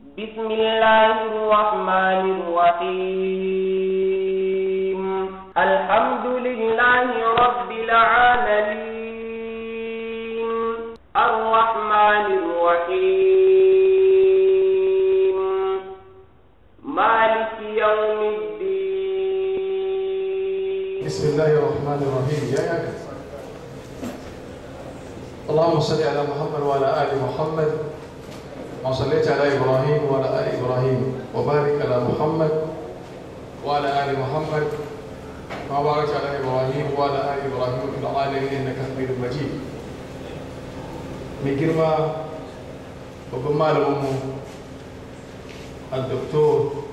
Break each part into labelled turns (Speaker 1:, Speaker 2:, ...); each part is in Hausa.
Speaker 1: بسم الله الرحمن الرحيم الحمد لله رب العالمين
Speaker 2: الرحمن الرحيم مالك يوم الدين
Speaker 3: بسم الله الرحمن الرحيم يا اللهم صل على محمد وعلى آل محمد وصليت على إبراهيم وعلى آل إبراهيم وبارك على محمد وعلى آل محمد ما وبارك على إبراهيم وعلى آل إبراهيم في العالمين إنك حميد مجيد mai girma babban malaminmu al-doktor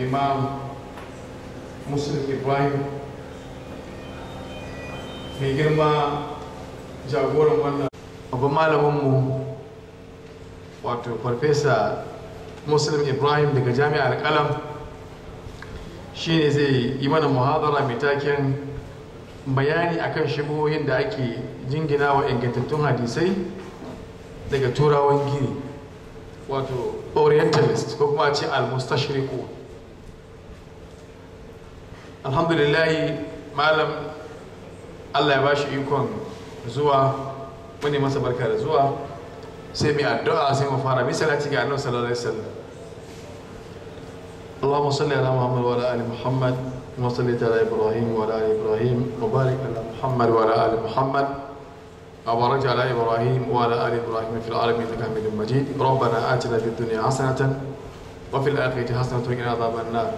Speaker 3: imam muslim ibrahim mai girma jagoran wannan wato farfesa muslim ibrahim daga jami'ar kalam shi ne zai yi mana muhadara mai taken bayani akan shigohin da ake jingina wa ingantattun hadisai daga turawan gini wato orientalist ko kuma ce al alhamdulillahi malam allah ya ba shi ikon zuwa wani masa barka da zuwa sai الدعاء addu'a فانا مثل fara عنه صلى الله عليه وسلم alaihi wasallam اللهم صل على محمد وعلى ال محمد كما صليت على ابراهيم وعلى ال ابراهيم وبارك على محمد وعلى ال محمد وبارك على ابراهيم وعلى ال ابراهيم في العالمين انك حميد مجيد ربنا اتنا في الدنيا حسنه وفي الاخره حسنه وقنا عذاب النار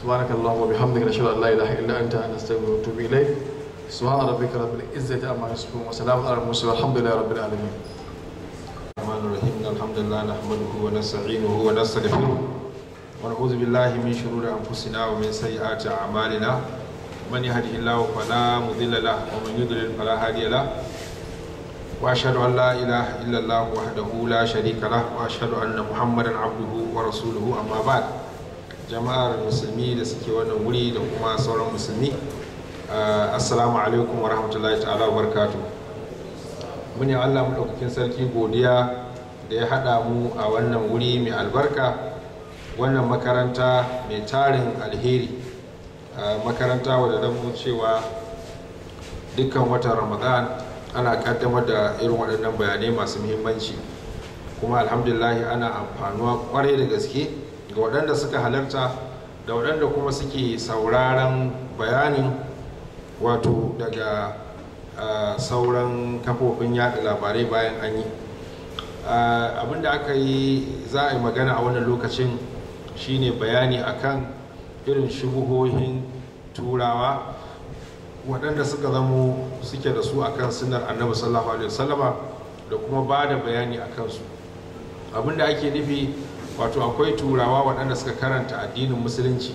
Speaker 3: سبحانك اللهم وبحمدك نشهد ان لا اله الا انت نستغفرك ونتوب اليك سبحان ربك رب العزه عما يصفون وسلام على المرسلين والحمد لله رب العالمين الرحمن الرحيم إن الحمد لله نحمده ونستعينه
Speaker 1: ونستغفره ونعوذ بالله من شرور أنفسنا ومن سيئات أعمالنا من يهده الله فلا مضل له ومن يضلل فلا هادي له وأشهد أن لا إله إلا الله وحده لا شريك له وأشهد أن محمدا عبده ورسوله أما بعد jama'ar musulmi da suke wannan wuri da kuma sauran musulmi assalamu alaikum wa rahmatullahi ta'ala wa barakatuh muni allah maɗaukakin sarki godiya da ya haɗa mu a wannan wuri mai albarka wannan makaranta mai tarin alheri makaranta wadda na cewa dukkan watan ramadan ana kaddamar da irin waɗannan bayanai masu muhimmanci kuma alhamdulillahi ana amfanuwa kwarai da gaske ga waɗanda suka halarta da waɗanda kuma suke sauraron bayanin wato daga sauran kafofin yada labarai bayan an yi abinda da aka yi za a yi magana a wannan lokacin shine bayani akan irin shubuhohin turawa waɗanda suka zamo suke da su akan sunar annabi sallallahu alaihi wasallama da kuma ba da bayani a kansu abinda ake nufi wato akwai turawa waɗanda suka karanta addinin musulunci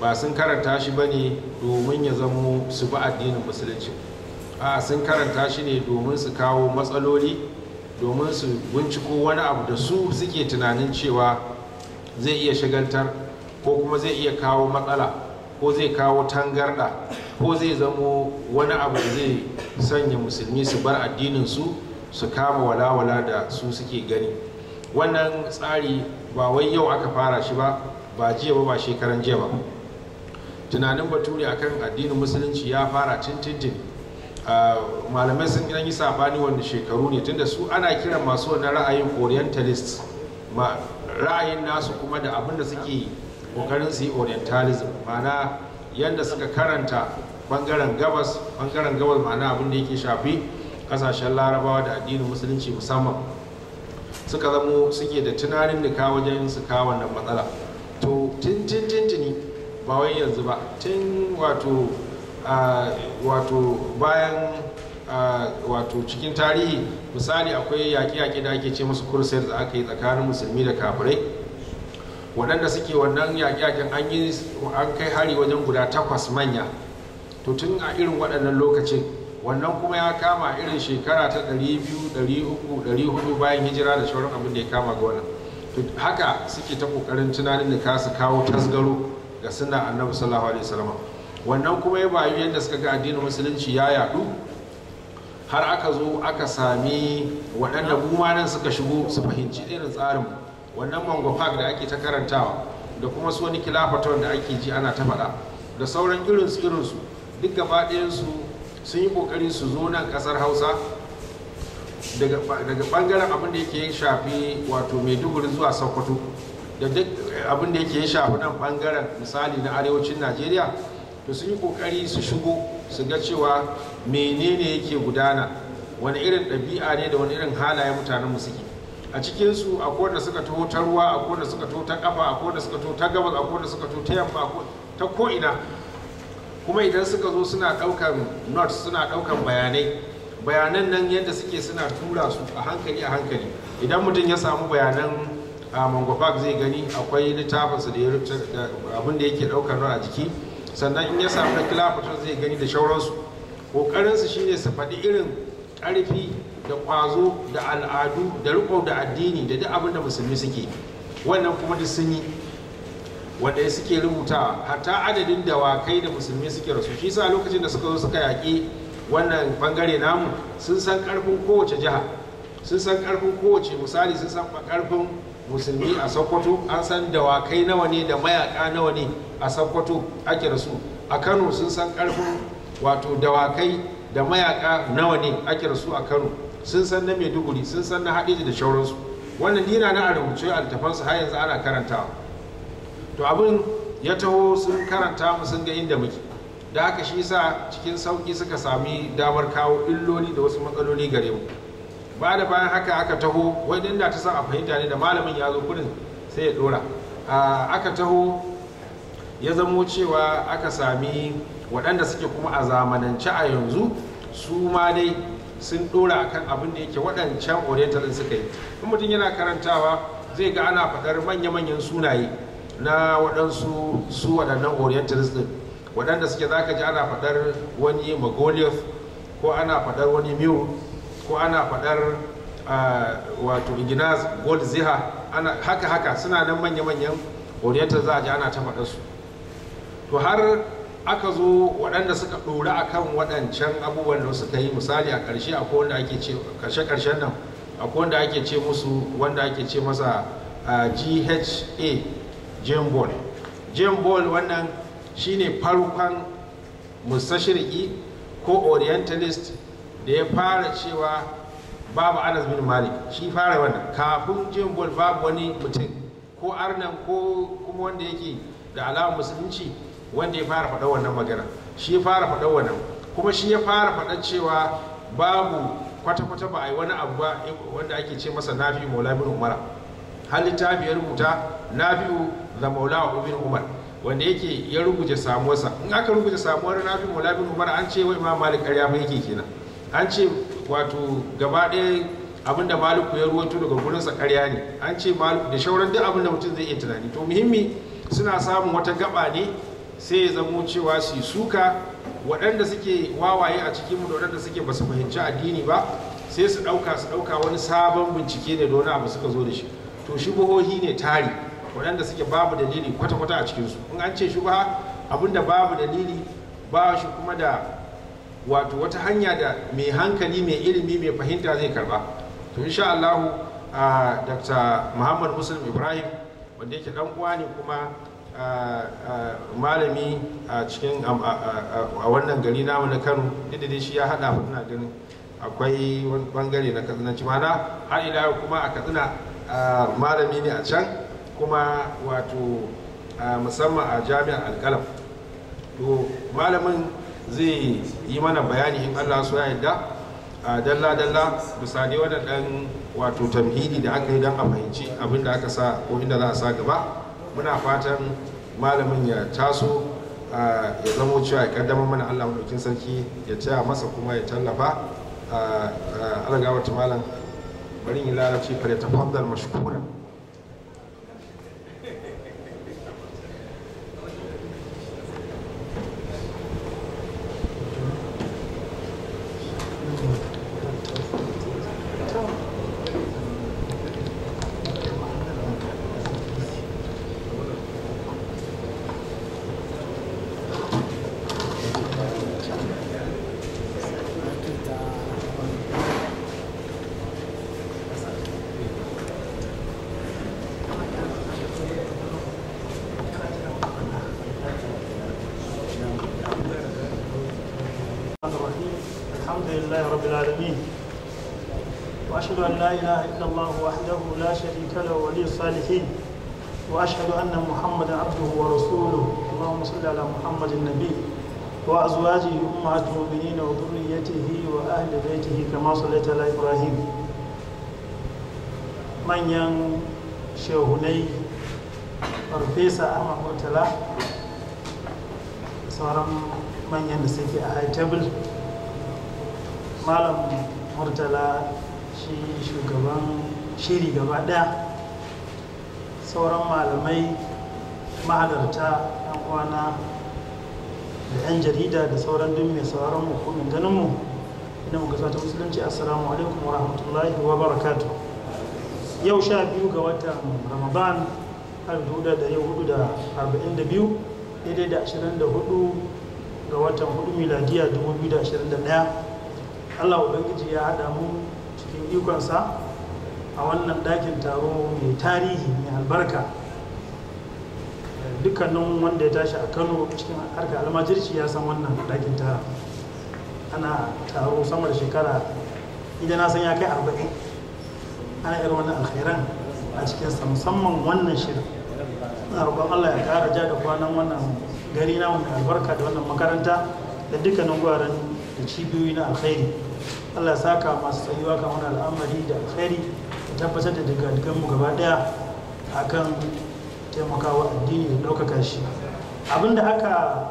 Speaker 1: ba sun karanta shi ba ne domin ya zamo su ba addinin musulunci a sun karanta shi ne domin su kawo matsaloli domin su binciko wani abu da su suke tunanin cewa zai iya shagaltar ko kuma zai iya kawo matsala ko zai kawo tangarda ko zai zamo wani abu da zai sanya musulmi su bar addinin su su kama walawala da su suke gani wannan tsari ba wai yau aka fara shi ba ba jiya ba ba shekaran jiya ba tunanin bature akan addinin musulunci ya fara tintintin Ah, malamai sun yi sabani wanda shekaru ne tunda su ana kiran masu wani ra'ayin orientalist ma ra'ayin nasu kuma da abin da suke kokarin su yi orientalism ma'ana yadda suka karanta bangaren gabas bangaren gabas ma'ana abin da yake shafi kasashen larabawa da addinin musulunci musamman suka zamo suke da tunanin nika wajen su kawo wannan matsala to tun tun tuni ba wai yanzu ba tun wato wato bayan wato cikin tarihi misali akwai yaƙe-yaƙe da ake ce musu crusades da aka yi tsakanin musulmi da kafirai waɗanda suke wannan yaƙe-yaƙen an yi an kai hari wajen guda takwas manya to tun a irin waɗannan lokacin wannan kuma ya kama irin shekara ta 200 300 bayan hijira da shauran abin da ya kama ga wannan haka suke ta ƙoƙarin tunanin da kasu kawo tasgaro ga sunna annabi sallallahu alaihi wasallam wannan kuma ya bayu yadda suka ga addinin musulunci ya yadu har aka zo aka sami waɗanda gumana suka shigo su fahimci irin tsarin wannan mango park da ake ta karantawa da kuma su wani kilafaton da ake ji ana ta faɗa da sauran irinsu irinsu duk gaba ɗayansu sun yi ƙoƙari su zo nan ƙasar hausa daga ɓangaren abin da yake shafi wato maiduguri zuwa sokoto da duk abin da yake shafi nan ɓangaren misali na arewacin najeriya to sun yi kokari su shigo su ga cewa menene yake gudana wani irin ɗabi'a ne da wani irin halaye mutanen mu suke a cikin su akwai wanda suka taho ta ruwa akwai wanda suka taho ta kafa akwai wanda suka taho ta gabas akwai wanda suka taho ta yamma ta ko ina kuma idan suka zo suna daukan notes suna ɗaukan bayanai bayanan nan yadda suke suna tura su a hankali a hankali idan mutum ya samu bayanan a ah, mango park zai gani akwai littafinsa da abin da yake ɗaukar a jiki sannan in ya samu na kilafatar zai gani da shauransu ƙoƙarinsu shine su faɗi irin ƙarfi da ƙwazo da al'adu da riƙo da addini da duk abin da musulmi suke wannan kuma duk sun yi wanda suke rubuta hatta adadin dawakai da musulmi suke rasu shi sa lokacin da suka zo suka yaƙi wannan bangare namu sun san ƙarfin kowace jiha sun san ƙarfin kowace misali sun san ƙarfin musulmi a sokoto an san dawakai nawa ne da mayaƙa nawa ne a sakkwato ake rasu a kano sun san karfin wato dawakai da mayaka nawa ne ake rasu a kano sun san na maiduguri sun san na haɗeji da shauransu wannan dina na a rubuce a littafansu har yanzu ana karanta to abin ya taho sun karanta mu sun ga inda muke da haka shi sa cikin sauki suka sami damar kawo illoli da wasu matsaloli gare mu ba da bayan haka aka taho wani inda ta san a fahimta ne da malamin ya zo kudin sai ya dora ah, aka taho ya zamo cewa aka sami waɗanda suke kuma a zamanance a yanzu su ma dai sun ɗora akan abin da yake waɗancan oriental suka yi in mutum yana karantawa zai ga ana faɗar manya-manyan sunaye na waɗansu su waɗannan orientalist ɗin waɗanda suke ka ji ana faɗar wani magoliath ko ana faɗar wani mew ko ana faɗar wato ignaz gold ziha haka haka suna nan manya-manyan oriental za a ji ana ta faɗarsu. su to har aka zo waɗanda suka ɗori akan waɗancan abubuwan da suka yi misali a ƙarshe akwai wanda ake ce ƙarshe ƙarshen nan ko wanda ake ce musu wanda ake ce masa GHA Jane Ball Jane Ball wannan shine farkon musashiriki ko orientalist da ya fara cewa babu Anas bin Malik shi fara wannan kafin Jane Ball babu wani mutum ko arnan ko kuma wanda yake da alama musulunci wanda ya fara faɗa wannan magana shi ya fara faɗa wannan kuma shi ya fara faɗa cewa babu kwata-kwata ba a yi wani abu ba wanda ake ce masa nafi maula bin umar har littafi ya rubuta nafi da maula bin umar wanda yake ya rubuta samuwarsa in aka rubuta samuwar nafi maula bin umar an ce wai imam malik ƙarya mai yake kenan an ce wato gaba ɗaya abin da maliku ya ruwanto daga gurinsa ƙarya ne an ce maliku da shauran duk abin da mutum zai iya tunani to muhimmi suna samun wata gaba ne sai ya zamo cewa su suka waɗanda suke wawaye a cikinmu da waɗanda suke basu fahimci addini ba sai su ɗauka su ɗauka wani sabon bincike ne da wani abu suka zo da shi to shubuhohi ne tari waɗanda suke babu dalili kwata-kwata a cikinsu in an ce shubuha da babu dalili ba shi kuma da wato wata hanya da mai hankali mai ilimi mai fahimta zai karba to insha Allah ah, dr muhammad muslim ibrahim wanda yake dan uwa ne kuma malami a cikin a wannan gari namu na kano dai shi ya hada muna ganin akwai wani bangare na katsinanci mana har ila kuma a katsina malami ne a can kuma wato musamman a jami'ar alkalam to malamin zai yi mana bayani in allah su ya yadda dalla-dalla bisa ne wannan wato tamhidi da aka yi don a fahimci abin da aka sa ko inda za a sa gaba muna fatan malamin ya taso ya zama cewa ya kaddamar mana allah maɗaukin sarki ya taya masa kuma ya tallafa ragawar malam bari yi larabci fara mashi kuma
Speaker 2: لله رب العالمين وأشهد أن لا إله إلا الله وحده لا شريك له ولي الصالحين وأشهد أن محمدا عبده ورسوله اللهم صل على محمد النبي وأزواجه أمهات المؤمنين وذريته وأهل بيته كما صليت على إبراهيم من ين شهني farfesa ahmad murtala sauran manyan da suke a high table malam murtala shi shugaban shiri gaba daya sauran malamai mahalarta yan kwana da yan jarida da sauran duk mai sauran hukumin ganinmu ina muka ta musulunci assalamu alaikum wa rahmatullahi wa barakatu yau sha biyu ga watan ramadan har duda da yau hudu da arba'in da biyu daidai da ashirin da hudu ga watan hudu miladiya dubu biyu da ashirin da daya allah ubangiji ya haɗa mu cikin ikonsa a wannan ɗakin taro mai tarihi mai albarka dukkanin wanda ya tashi a kano cikin harka almajirci ya san wannan ɗakin taro ana taro sama da shekara idan na san ya kai arba'in ana irin wannan alkhairan a cikin musamman wannan shirin na roƙon allah ya kara ja da kwanan wannan gari na mai albarka da wannan makaranta da dukkanin guraren cibiyoyi na alkhairi allah saka masu tsayuwa kamar al'amari da alkhairi da tabbatar da digadigan mu gaba daya akan taimakawa addini da ɗaukaka shi abinda aka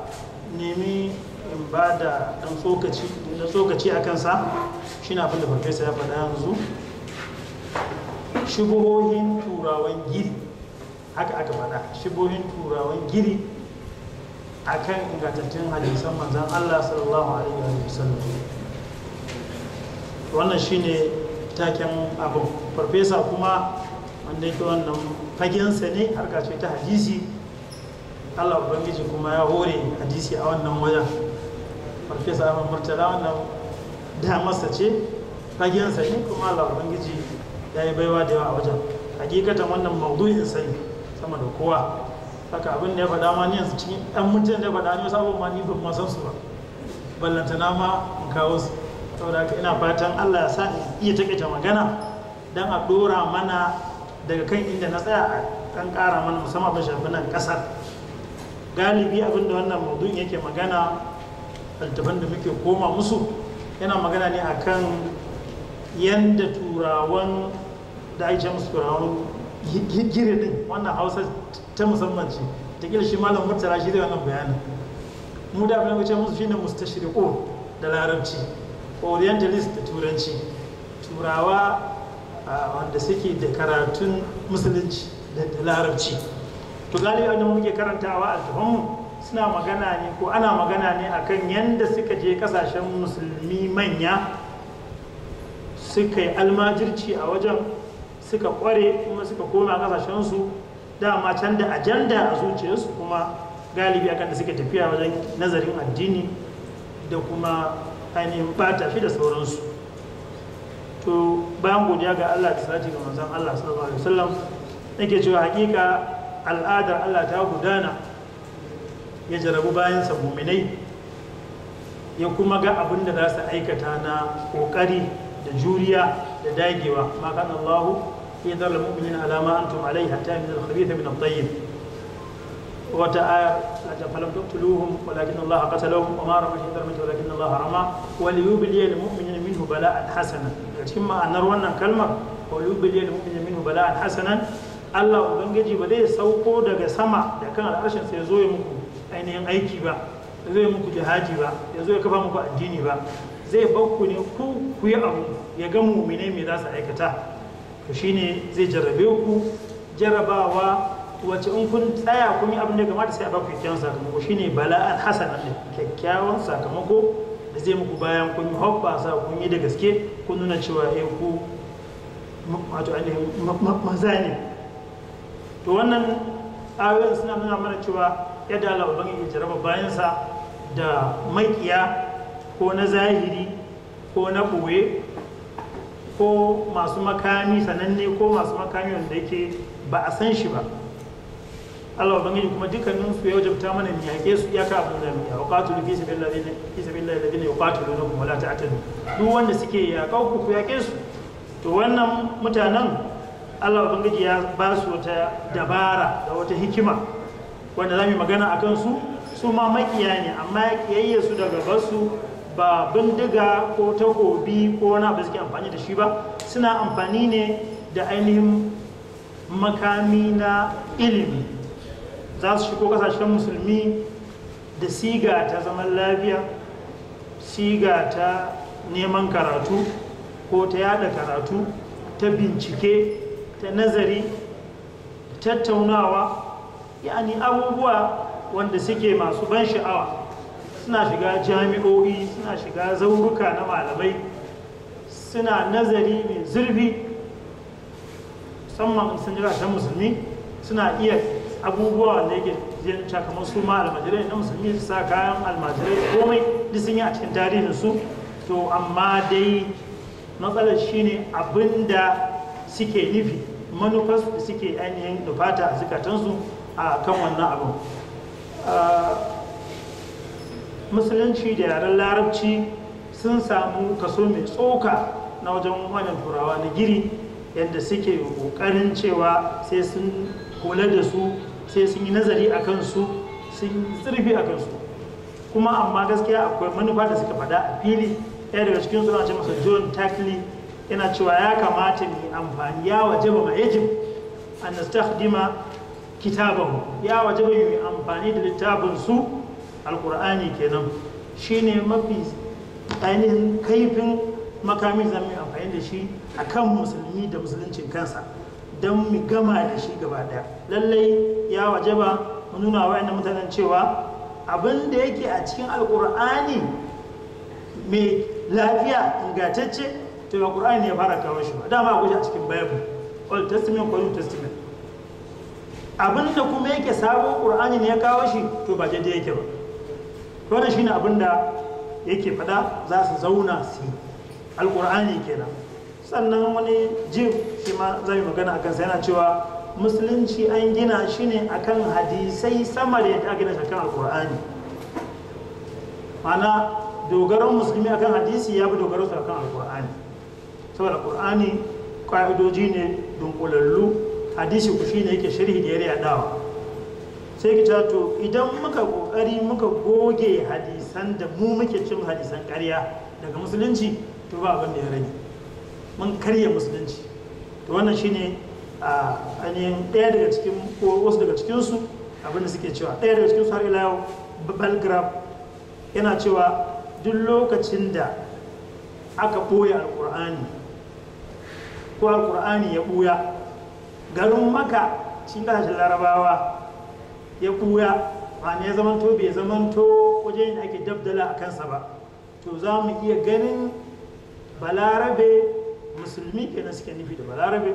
Speaker 2: nemi in ba da ɗan tsokaci da tsokaci a kansa shi na abinda farfesa ya faɗa yanzu shigohohin turawan giri haka aka faɗa shigohohin turawan giri akan ingantattun hadisan manzan Allah sallallahu alaihi wa sallam wannan shine taken abin farfesa kuma wanda yake wannan fagensa ne harka ce ta hadisi Allah ubangiji kuma ya hore hadisi a wannan wajen farfesa abin murtala wannan damarsa ce fagensa ne kuma Allah ubangiji ya yi baiwa da yawa a wajen hakikatan wannan maudu'in sani sama da kowa haka abin da ya faɗa ma ni yanzu cikin ɗan mutum da faɗa ni wasu abubuwan ma ni ban san su ba na ma in kawo su saboda haka ina fatan Allah ya sa iya takaita magana dan a ɗora mana daga kan inda na tsaya a ɗan ƙara mana musamman abin shafi nan ƙasar galibi abin da wannan maudu'in yake magana altafan da muke koma musu yana magana ne akan yanda turawan da ake musu turawan gire din wannan hausa ta musamman ce ta kila shi malam murtala shi zai wannan bayanin mu da abin wuce musu shine mustashriqu da larabci orientalist da turanci turawa wanda suke da karatun musulunci da larabci to galibi wanda muke karantawa a tuhanmu suna magana ne ko ana magana ne akan yadda suka je kasashen musulmi manya suka yi almajirci a wajen suka kware kuma suka koma kasashensu dama can da ajanda a zuciyarsu kuma galibi akan da suke tafiya wajen nazarin addini da kuma ainihin bata shi da sauransu to bayan godiya ga Allah ta sace ga manzon Allah sallallahu alaihi wasallam nake cewa hakika al'adar Allah ta gudana ya jarabu bayan sa muminai ya kuma ga abin da za su aikata na kokari da juriya da dagewa kan Allahu idar al-mu'minin ala ma antum alayhi hatta min al-khabith min at-tayyib wata aya ta falam tuqtuluhum walakin Allah qatalahum wa ma ramaita darmata walakin Allah rama wal yubli al-mu'minin minhu bala'an hasana cikin ma'anar wannan kalmar wal yubli al-mu'minin minhu bala'an hasanan Allah ubangiji ba zai sauko daga sama da kan al'arshin sai zo ya muku ainihin aiki ba zai muku jihaji ba ya zo ya kafa muku addini ba zai bakku ne ku ku yi abu ya ga mumine me za su aikata to shi ne zai jarrabe ku jarabawa wace in kun tsaya kun yi abin da kamata sai a baku kyakkyawan sakamako Shi shine bala'an hasan da kyakkyawan sakamako da zai muku bayan kun yi sa kun yi da gaske kun nuna cewa eh ku wato maza ne to wannan ayoyin suna nuna mana cewa yadda Allah ubangiji ya jaraba bayansa da maƙiya ko na zahiri ko na ɓoye ko masu makami sananne ko masu makami wanda yake ba a san shi ba Allah ubangiji kuma dukkanin su ya wajabta mana mu yake su iyaka abin da mu ya waqatul fi sabilillahi fi sabilillahi alladhina yuqatilunakum wala la ta'tadu duk wanda suke ya kauku ku yaƙe su to wannan mutanen Allah ubangiji ya ba su wata dabara da wata hikima wanda zamu magana akan su su ma makiya ne amma kiyayye su daga basu ba bindiga ko takobi ko wani abu suke amfani da shi ba suna amfani ne da ainihin makami na ilimi za su shigo kasashen musulmi da siga ta zaman lafiya siga ta neman karatu ko ta yada karatu ta bincike ta nazari tattaunawa yani abubuwa wanda suke masu ban sha'awa suna shiga jami'o'i suna shiga zauruka na malamai suna nazari mai zurfi musamman sun jira ta musulmi suna iya abubuwa da yake jin kamar su ma almajirai na musulmi su sa kayan almajirai komai duk sun yi a cikin tarihin su to amma dai matsalar shine abin da suke nufi manufarsu da suke ainihin nufata a zukatansu a kan wannan abin ah, musulunci da yaren larabci sun samu kaso mai tsoka na wajen wannan turawa na giri yadda suke kokarin cewa sai sun kula da su sai sun yi nazari a kansu sun tsirfi a kansu kuma amma gaskiya akwai manufa da suka faɗa a fili ɗaya daga cikin suna ce masa john tackley yana cewa ya kamata mu amfani ya waje ba ma'ajib an dima kitabanmu ya waje ba mai amfani da littafin su alkur'ani kenan shine mafi ainihin kaifin makamin za mu amfani da shi akan kan musulmi da musuluncin kansa don mu gama da shi gaba daya lallai ya waje ba mu nuna wa mutanen cewa abin da yake a cikin alkur'ani mai lafiya ingantacce to ba ya fara kawo shi ba dama akwai a cikin bible old testament ko new testament abin da kuma yake sabo qur'ani ne ya kawo shi to ba daidai yake ba to wannan shine abin da yake faɗa za su zauna su alƙur'ani kenan sannan wani jim shi ma za yi magana akan sa yana cewa musulunci an gina shi ne akan hadisai sama da yadda gina shi akan alƙur'ani mana dogaron musulmi akan hadisi ya fi dogaron su akan alkur'ani saboda alƙur'ani ƙa'idoji ne dunkulallu hadisi ku shi shine yake shirhi da ya dawa sai ki to idan muka kokari muka goge hadisan da mu muke cin hadisan karya daga musulunci to ba abin da ya rage mun karya musulunci to wannan shine a ainihin ɗaya daga cikin wasu daga cikinsu abinda suke cewa ɗaya daga cikinsu har ila yau yana cewa duk lokacin da aka ɓoye alƙur'ani ko alƙur'ani ya ɓuya garin maka cikin ƙasashen larabawa ya kura ma'ana ya zamanto bai zamanto wajen yin ake dabdala a kansa ba to za mu iya ganin balarabe musulmi ke suke nufi da balarabe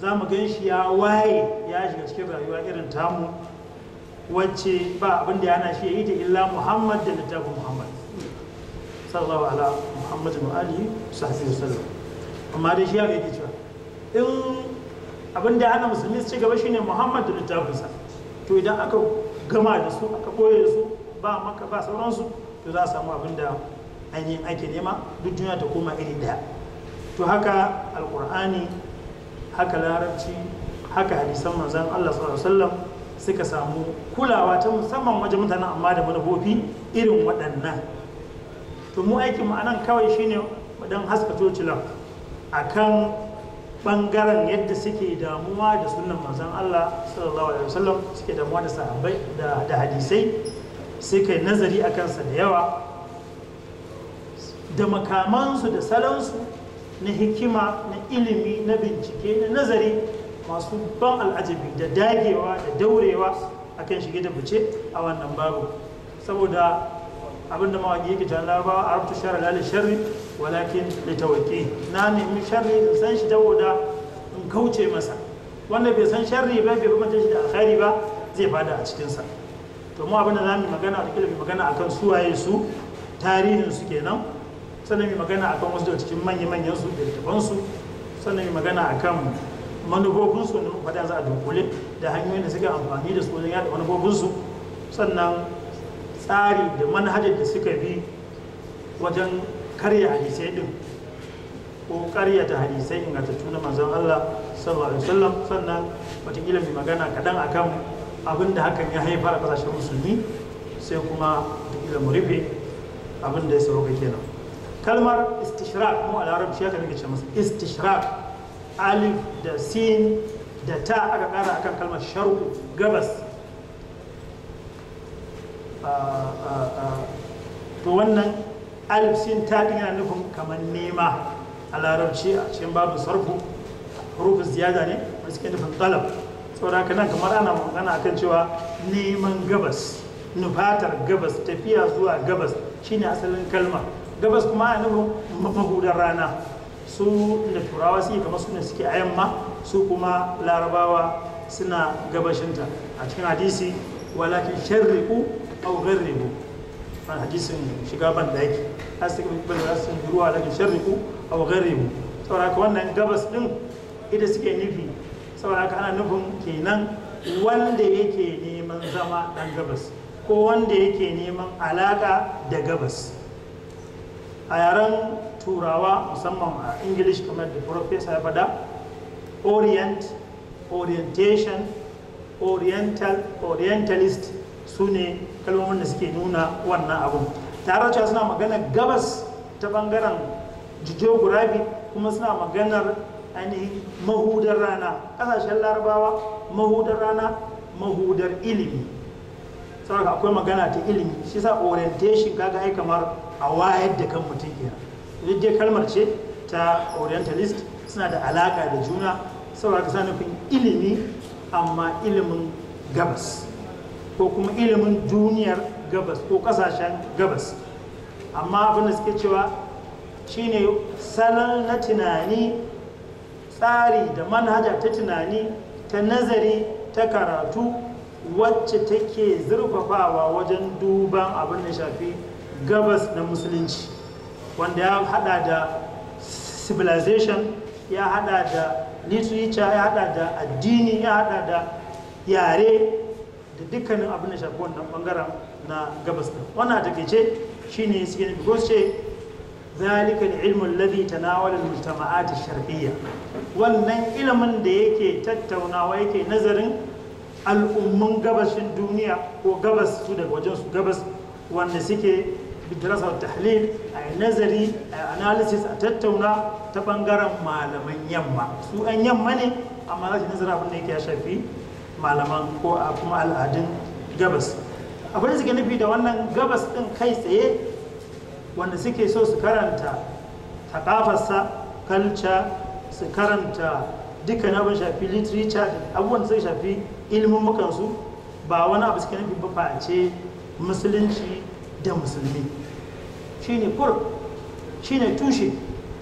Speaker 2: za mu gan shi ya waye ya shiga cikin rayuwa irin tamu wacce ba abin da yana shi ya yi ta illa muhammad da littafin muhammad sallallahu ala muhammadin wa alihi da sallam amma dai shi ya ga cewa in abin da hana musulmi su ci gaba shine muhammad da littafinsa to idan aka gama da su aka koye su ba maka ba sauransu to za a samu abin da ainihin ake nema duk juna ta koma iri daya to haka alkur'ani haka larabci haka hadisan manzan allah sallallahu suka samu kulawa ta musamman wajen mutanen amma da manufofi irin waɗannan to mu aikin ma'anan kawai shine wadan haskato tocilan akan bangaren yadda suke damuwa da sunan manzon Allah sallallahu alaihi wasallam suke damuwa da sahabbai da hadisai suke nazari a kansa da yawa da makamansu da salansu na hikima na ilimi na bincike na nazari masu ban al'ajabi da dagewa da daurewa akan shige da buce a wannan babu saboda abinda mawaki yake jan larabawa a rabta shara lalashari walakin da tawaki na nemi sharri in san shi ta saboda in kauce masa wanda bai san sharri ba bai kuma shi da alkhairi ba zai fada a cikinsa to mu abinda za mu magana da kila magana akan suwaye su tarihin su kenan sannan mu magana akan wasu daga cikin manya manyan su da littafan su sannan mu magana akan manufofin su da fada za a dunkule da hanyoyin da suka amfani da su wajen yada manufofin su sannan tsari da manhajar da suka bi wajen karya hadisai din ko karyata hadisai ingantattu na manzon Allah sallallahu alaihi wasallam sannan watakila mai magana kaɗan akan abin da hakan ya haifar a ƙasashen musulmi sai kuma watakila mu rufe abin da ya sauka kenan kalmar istishraq mu a larabci ya nake ce masa istishraq alif da sin da ta aka ƙara akan kalmar shar'u gabas
Speaker 3: ah, ah, ah.
Speaker 2: to wannan alif sin ta dina nufin kamar nema a larabci a cikin babu sarfu huruf ziyada ne wani suke nufin talab saboda haka nan kamar ana magana akan cewa neman gabas nufatar gabas tafiya zuwa gabas shine asalin kalma gabas kuma a nufin mahudar rana su da turawa suke kamar su ne suke a yamma su kuma larabawa suna gabashinta a cikin hadisi walakin sharriku au gharribu hadisin shiga ban daki astaghfiruka ruwa astaghfiru ruwa lakin sharriku aw mu saboda haka wannan gabas din ita suke nufi saboda haka ana nufin kenan wanda yake neman zama dan gabas ko wanda yake neman alaka da gabas a yaren turawa musamman a english kamar da professor ya faɗa orient orientation oriental orientalist su ne kalmomin da suke nuna wannan abun tare cewa suna maganar gabas ta bangaren gurabi kuma suna maganar ainihin mahudar rana ƙasashen larabawa mahudar rana mahudar ilimi saboda akwai magana ta ilimi shi sa orientation kaga ai kamar a wayar da kan mutum kenan duk dai kalmar ce ta orientalist suna da alaka da juna saboda ka nufin ilimi amma ilimin gabas ko kuma ilimin duniyar gabas ko kasashen gabas amma abin da suke cewa shine salon na tunani tsari da manhaja ta tunani ta nazari ta karatu wacce take zurfafawa wajen duban abin da shafi gabas na musulunci wanda ya hada da civilization ya hada da literature ya hada da addini ya hada da yare da dukkanin abin da shafi wannan bangaren na gabas din wannan takeice shine suke nufi su ce zalika al-ilmu alladhi tanawala al-mujtama'at ash-shar'iyya wannan ilimin da yake tattaunawa yake nazarin al'ummun gabashin duniya ko gabas su daga wajen su gabas wanda suke bidrasar tahlil a nazari a analysis a tattauna ta bangaren malaman yamma su an yamma ne amma za su nazara abin da yake ya shafi malaman ko a kuma al'adun gabas Akwai suke nufi da wannan gabas ɗin kai tsaye wanda suke so su karanta taƙafarsa kalca su karanta dukkan abin shafi literature abubuwan da suka shafi mukansu ba wani abu suke nufi ba face musulunci da musulmi shine kur shine tushe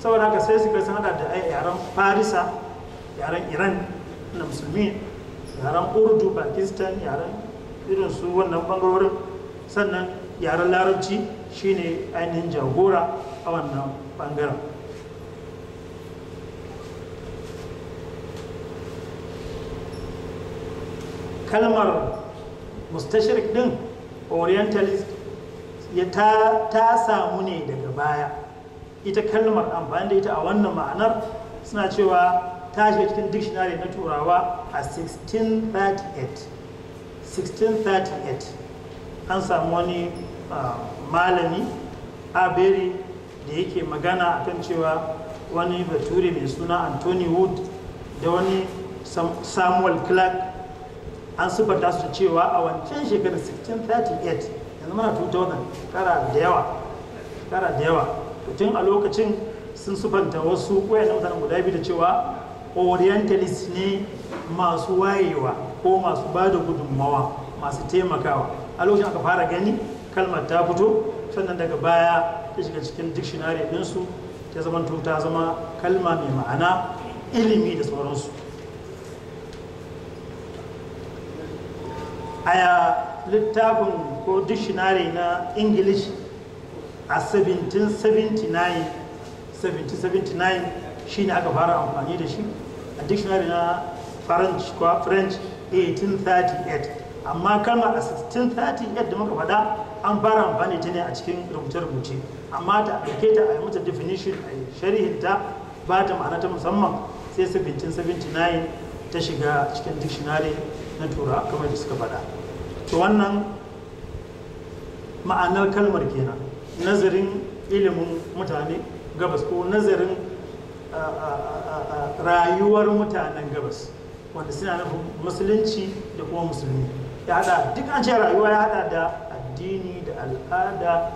Speaker 2: saboda haka sai suka sun hada da yaren farisa yaren iran na musulmi yaren urdu pakistan yaren irin su wannan bangarorin sannan yaren larabci shine ainihin jagora a wannan bangaren kalmar mustashirik din orientalist ya ta samu ne daga baya ita kalmar amfani da ita a wannan ma'anar suna cewa ta shiga cikin dictionary na turawa a 1638 1638 an samu wani ah, malami aberi da yake magana a kan cewa wani bature mai suna anthony wood da wani samuel clark an sufata su cewa a wancan shekarar 1638 yanzu mana 2000 kara da yawa kara da yawa tun a lokacin sun sufanta wasu na mutane guda biyu da cewa orientalist ne masu wayewa ko masu ba da gudunmawa masu taimakawa a lokacin aka fara gani kalmar ta fito sannan daga baya ta shiga cikin dictionary ɗinsu ta zama ta zama kalma mai ma'ana ilimi da sauransu a littafin ko dictionary na english a 1779 1779 shine aka fara amfani da shi a dictionary na french french 1838 eh, amma kalmar a 1638 da muka faɗa an fara amfani ta ne a cikin rubuce-rubuce amma ta ɗauke ta a yi mata definition a sharihin ta ba ta ma'ana ta musamman sai 1779 ta shiga cikin dictionary na tura kamar da suka faɗa to wannan ma'anar kalmar kenan nazarin ilimin mutane gabas ko nazarin rayuwar mutanen gabas wanda suna nufin musulunci da kuma musulmi ya hada duk an ce rayuwa ya hada da addini da al'ada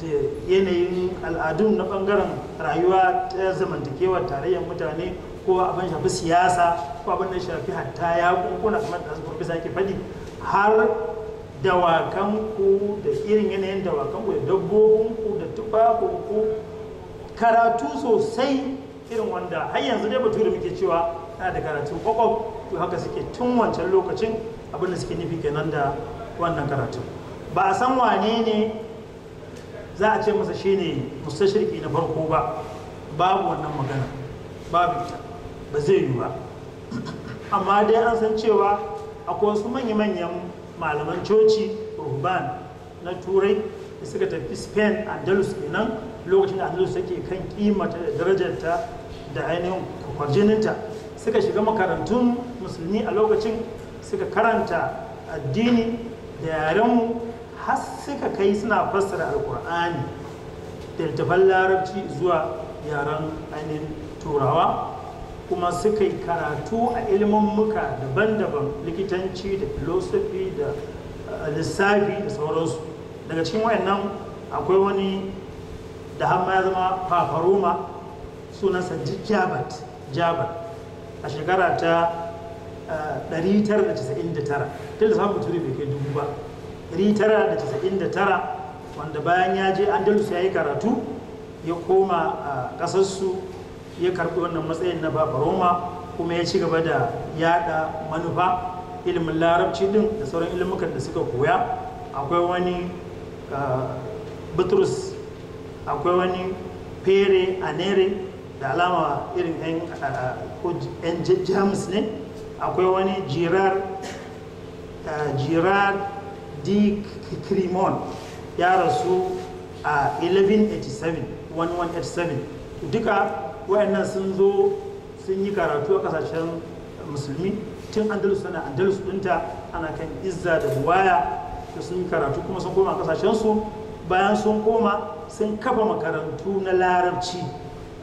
Speaker 2: da yanayin al'adun na bangaren rayuwa ta zamantakewar tarayyar mutane ko abin shafi siyasa ko abin da shafi hatta ya kunkuna kamar da zuwa bisa ke faɗi har dawakan ku da irin yanayin dawakan ku da dabbobin da tufafin ku karatu sosai irin wanda har yanzu dai batu da muke cewa yana da karatu kwakwam to haka suke tun wancan lokacin abinda suke nufi kenan da wannan karatu ba a san wane ne za a ce masa shi shine mustashirki na farko ba babu wannan magana babu ita ba zai yi ba amma dai an san cewa akwai wasu manya-manyan malaman coci ruban na turai da suka tafi spain andalus kenan lokacin da andalus take kan kimata da darajarta da ainihin kwarjininta suka shiga makarantun musulmi a lokacin suka karanta addini da yarenmu har suka kai suna fassara alkur'ani da littafan larabci zuwa yaren ainihin turawa kuma suka yi karatu a ilimin muka daban-daban likitanci da filosofi da uh, lissafi da sauransu daga cikin wayannan akwai wani da har ya zama fafaroma sunansa jabat jabat a shekara ta 999 tilda samun turi bai kai dubu ba 999 wanda bayan ya je andalus ya yi karatu ya koma a ƙasarsu ya karɓi wannan matsayin na baba roma kuma ya ci gaba da yada manufa ilimin larabci din da sauran ilimukan da suka koya akwai wani bitrus akwai wani fere anere da alama irin yan ko 'yan jamus ne akwai wani jirar jirar d cremon ya rasu a 1187 1187 duka wayannan sun zo sun yi karatu a kasashen musulmi tun andalus na andalus dinta ana kan izza da buwaya da sun yi karatu kuma sun koma kasashensu bayan sun koma sun kafa makarantu na larabci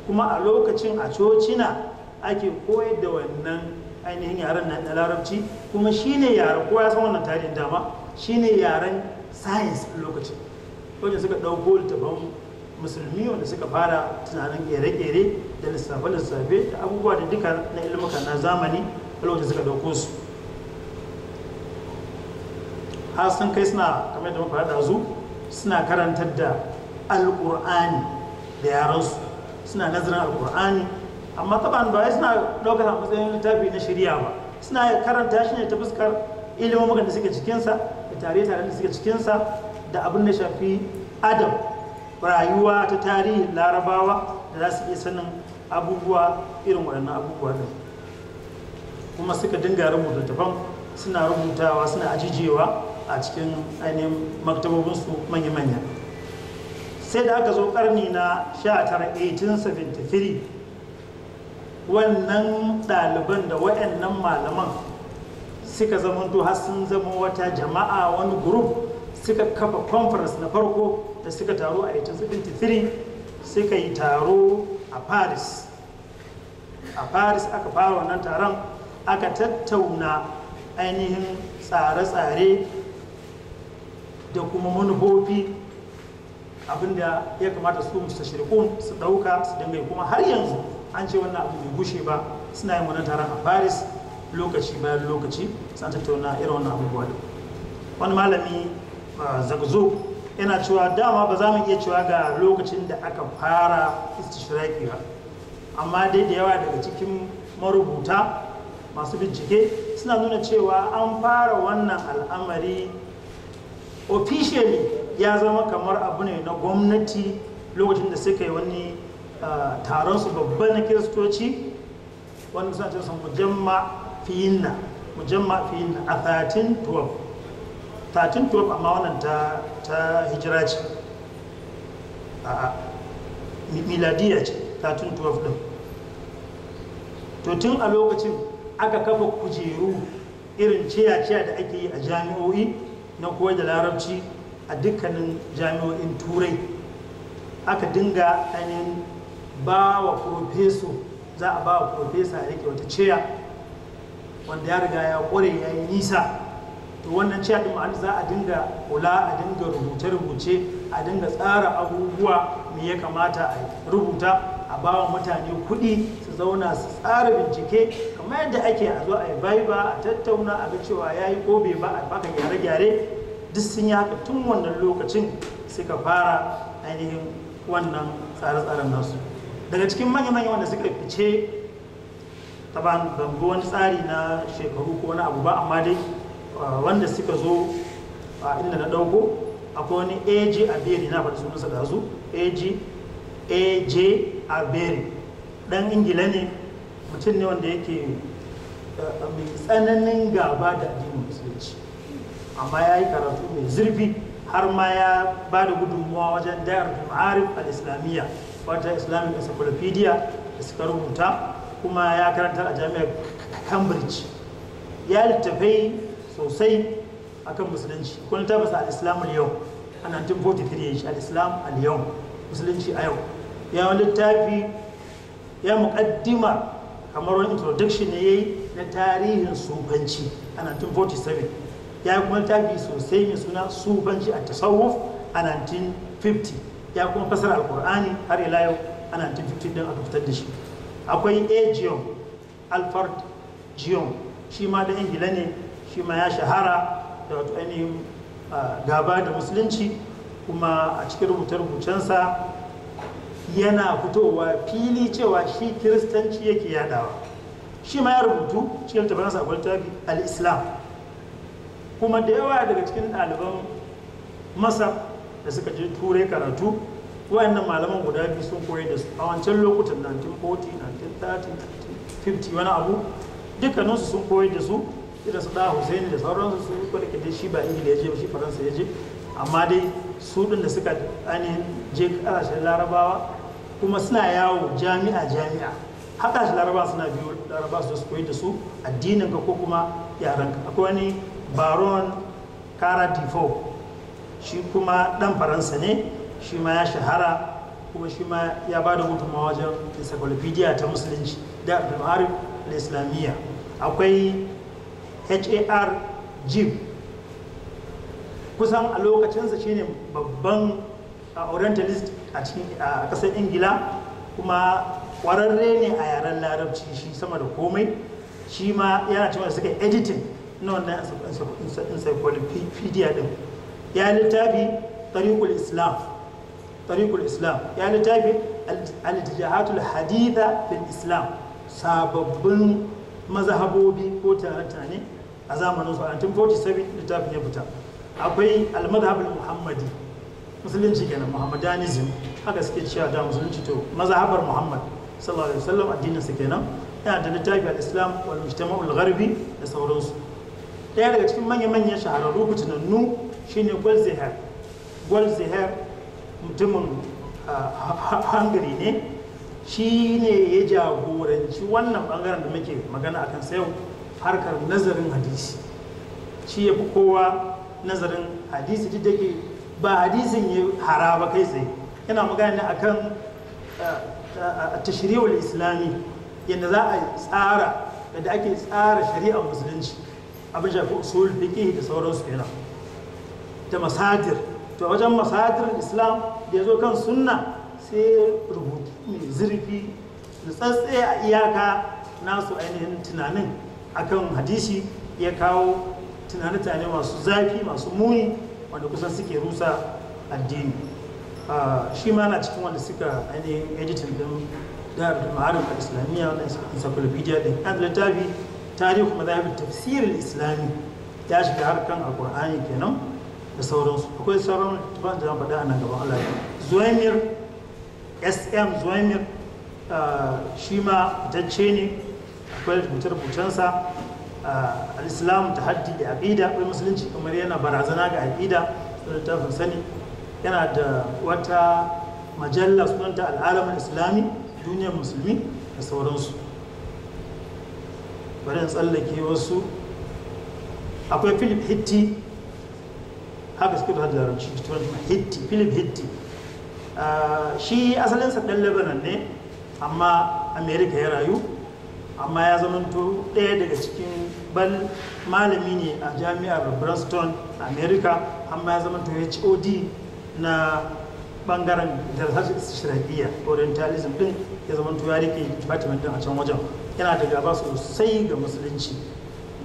Speaker 2: kuma a lokacin a cocina ake koyar da wannan ainihin yaren na larabci kuma shine yaren ko ya san wannan tarihin dama shine yaren science lokacin wajen suka ɗauko ban musulmi wanda suka fara tunanin kere-kere da lissafe-lissafe da abubuwa da duka na ilmuka na zamani a lokacin suka ɗauko su har sun kai suna kamar da muka haɗa zu suna karantar da alƙur'ani da yaransu suna nazarin alƙur'ani amma taban ba suna ɗaukar matsayin littafi na shirya ba suna karanta shi ne ta fuskar ilimin da suke cikinsa da tare tare da suke cikinsa da abin da shafi adam rayuwa ta tarihin larabawa da za su iya sanin abubuwa irin waɗannan abubuwa ɗin kuma suka dinga rubuta tafan suna rubutawa suna ajijewa a cikin ainihin maktabobinsu manya-manya sai da aka zo ƙarni na 19 1873 wannan ɗaliban da waɗannan malaman suka zamanto har sun zama wata jama'a wani group suka kafa conference na farko da suka taro a 1873 suka yi taro a paris a paris aka fara wannan taron aka tattauna ainihin tsare-tsare da kuma manufofi abinda ya kamata su musu shirikun su ɗauka su dinga kuma har yanzu an ce wannan abu bai gushe ba suna yin wannan taron a paris lokaci bayan lokaci sun tattauna irin wannan abubuwa da wani malami ah, zagzo yana cewa dama ba za mu iya cewa ga lokacin da aka fara istishiraki ba amma dai da yawa daga cikin marubuta masu bincike suna nuna cewa an fara wannan al'amari officially ya zama kamar abu ne na gwamnati lokacin da suka yi wani taron su babban na kiristoci wanda suna ce sun mujamma fiyinna mujamma fiyinna a 1312 1312 amma wannan ta ta hijira ce a miladiya ce 1312 din to tun a lokacin aka kafa kujeru irin ciya-ciya da ake yi a jami'o'i na koyar da larabci a dukkanin jami'o'in turai aka dinga ainihin ba wa profeso za a ba wa profesa ya yake wata ceya wanda ya riga ya kware ya yi nisa to wannan ceya ɗin ma'ana za a dinga kula a dinga rubuce-rubuce a dinga tsara abubuwa me ya kamata a rubuta a ba wa mutane kuɗi su zauna su tsara bincike kamar yadda ake a zo a yi bai ba a tattauna a ga cewa ya yi ko ba a baka gyare-gyare duk sun yi haka tun wannan lokacin suka fara ainihin wannan tsare-tsaren nasu daga cikin manya-manya wanda suka fice ta ban wani tsari na shekaru ko wani abu ba amma dai ah, wanda suka zo a inda na dauko akwai wani aj aberi na faɗi sunansa da su aj aj aberi dan ingila ne mutum ne wanda yake ah, mai tsananin gaba da addinin musulunci amma ya yi karatu mai zurfi har ma ya ba da gudunmuwa wajen da'ar ma'arif al-islamiyya wata islamic encyclopedia da suka rubuta kuma ya karanta a jami'ar cambridge ya littafai sosai akan musulunci Kuma littafinsa al-islam al-yau a 1943 ya shi al-islam al-yau musulunci a yau ya wani littafi ya muƙaddima kamar wani introduction ne ya yi na tarihin sufanci a 1947 ya yi kuma littafi sosai mai suna sufanci a tasawuf a 1950 ya kuma fasara alkur'ani har ila yau ana tuntun don a fitar da shi akwai aegeum alfard geom shi ma da ingila ne shi ma ya shahara da wato ainihin gaba da musulunci kuma a cikin rubutar rubucensa yana fitowa fili cewa shi kiristanci yake yadawa shi ma ya rubutu cikin tabaransa akwai tabi al-islam kuma da yawa daga cikin ɗaliban masar da suka je turai karatu wayannan malaman guda biyu sun koyar da su a wancan lokutan 1940 1930 1950 wani abu su sun koyar da su irin su da Hussein da sauransu su kwada da shi ba Ingila ya je ba shi Faransa ya je amma dai su din da suka ainihin je kasashen Larabawa kuma suna yawo jami'a jami'a haka shi Laraba suna biyo Laraba su su koyi da su addinin ka ko kuma yaran ka akwai wani Baron Kara shi kuma dan faransa ne shi ma ya shahara kuma shi ma ya ba da gudunmawa wajen encyclopedia ta musulunci da al-maharib islamiyya akwai har jib kusan a lokacinsa shine babban orientalist a kasar ingila kuma kwararre ne a yaren larabci shi sama da komai shi ma yana cewa suka editing na wannan encyclopedia din ya littafi tariqul islam tariqul islam ya littafi al-jihatul haditha fil islam sababbin mazhabobi ko tare a zamanin su a 1947 littafin ya fita akwai al-madhhab al-muhammadi musulunci kenan muhammadanism haka suke cewa da musulunci to mazhabar muhammad sallallahu alaihi wasallam addinin su kenan yana da littafi al-islam wal mujtama'ul gharbi da sauransu daya daga cikin manya-manyan shahararru fitinannu shine gwalzihar gwalzihar mutumin hangari ne shi ne ya jagoranci wannan bangaren da muke magana akan sa harkar nazarin hadisi shi ya fi kowa nazarin hadisi duk da ke ba hadisin ya hara ba kai tsaye yana magana akan tashri'ul islami yadda za a tsara yadda ake tsara shari'ar musulunci abin shafi usul fiqh da sauransu kenan da masadir to wajen masadir islam da ya zo kan sunna sai rubutu mai zurfi da tsatse a iyaka nasu ainihin tunanin akan hadisi ya kawo tunanin tunane masu zafi masu muni wanda kusan suke rusa addini ah, shi ma na cikin wanda suka ainihin editin din dar da ma'arin a islamiyya wannan encyclopedia din an littafi tarihi mazhabin tafsirin islami ya shiga harkan alkur'ani kenan da sauransu akwai sauran littafin da zan faɗa a nan gaban Allah Zuwaimir SM Zuwaimir shi ma fitacce ne akwai rubuce-rubucensa al-islam ta haddi da aƙida akwai musulunci kamar yana barazana ga aqida littafin sani yana da wata majalla sunanta al'alamin islami duniyar musulmi da sauransu bari tsallake wasu akwai philip hitti haka suke da larabci turjuma hitti philip hitti ah, shi asalinsa ɗan lebanon ne amma america ya rayu amma ya zamanto ɗaya daga cikin ban malami ne a jami'ar brunston america amma ya zamanto hod na bangaren darasar shirabiya orientalism din ya zamanto ya rike department din a can wajen yana da gaba sosai ga musulunci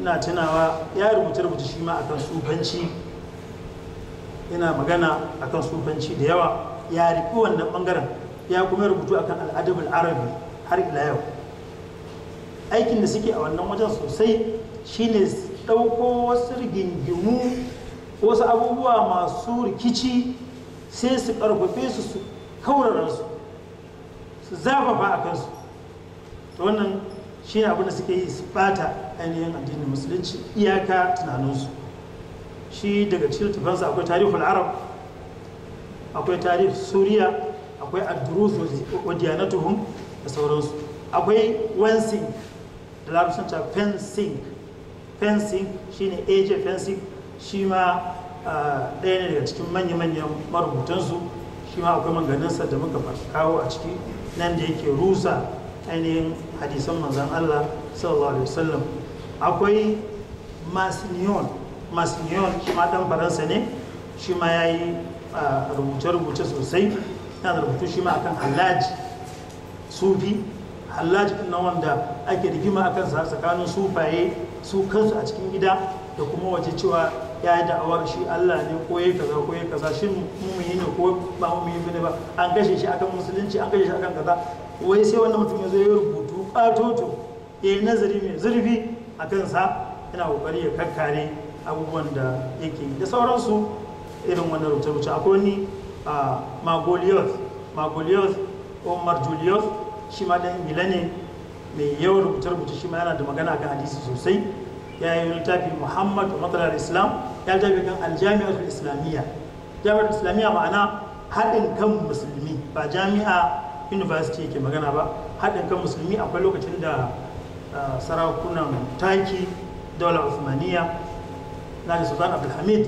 Speaker 2: ina tunawa ya rubuta rubuta shi ma akan sufanci yana magana akan sufanci da yawa ya riƙi wannan ɓangaren ya kuma rubutu akan al'adabin arabi har ila yau aikin da suke a wannan wajen sosai shine ɗauko wasu rigingimu wasu abubuwa masu rikici sai su ƙarfafe su su kaurara su su zafafa a kansu ta wannan shi abin da suke yi su bata ainihin addinin musulunci iyaka tunaninsu shi daga cikin littafansa akwai tarihul arab akwai tarih suriya akwai adruz durus wa diyanatuhum da sauransu akwai wensing da larusan ta fencing fencing ne aj fencing shi ma ɗaya ne daga cikin manya-manyan marubutansu shi ma akwai manganinsa da muka kawo a ciki nan da yake rusa ainihin hadisan manzan Allah sallallahu alaihi wasallam akwai masiniyon masnion shi ma dan faransa ne shi ma ya yi rubuce-rubuce sosai yana da rubutu shi ma akan halaji sufi halaji na wanda ake rigima akan sa tsakanin sufaye su kansu a cikin gida da kuma waje cewa ya yi da'awar shi Allah ne ko yi kaza ko yi kaza shi mumuni ne ko ba mu bane ba an kashe shi akan musulunci an kashe shi akan kaza wai sai wannan mutum ya zo ya rubutu ƙatoto ya yi nazari mai zurfi a sa yana kokari ya kakkare abubuwan da yake yi da sauransu irin wani rute-rute akwai wani magolios magolios omar julius shi ma dan ingila ne mai yawan rubuce-rubuce shi ma yana da magana kan hadisi sosai ya yi littafi muhammad matsalar islam ya tafi kan aljami'ar islamiyya jami'ar islamiyya ma'ana haɗin kan musulmi ba jami'a university ke magana ba haɗin kan musulmi akwai lokacin da sarakunan taki daular usmaniya da sultan abdulhamid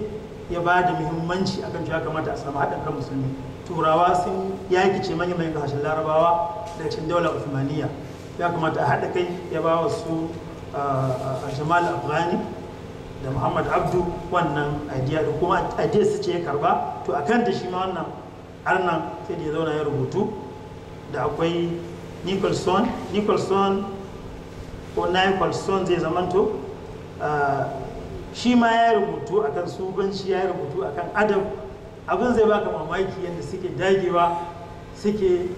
Speaker 2: ya ba da muhimmanci akan cewa kamata a samu haɗin kan musulmi turawa sun yaki ce manyan mai kashin larabawa da cin daular usmaniya ya kamata a haɗa kai ya ba wa su jamal afghani da muhammad abdu wannan ajiya da kuma adiya su ce ya karba to a kan ta shi ma wannan arnan sai da ya zauna ya rubutu da akwai nicholson nicholson ko nicholson zai zamanto shi ma ya rubutu a akan subanci ya rubutu a kan adam abin zai baka mamaki yadda suke dagewa suke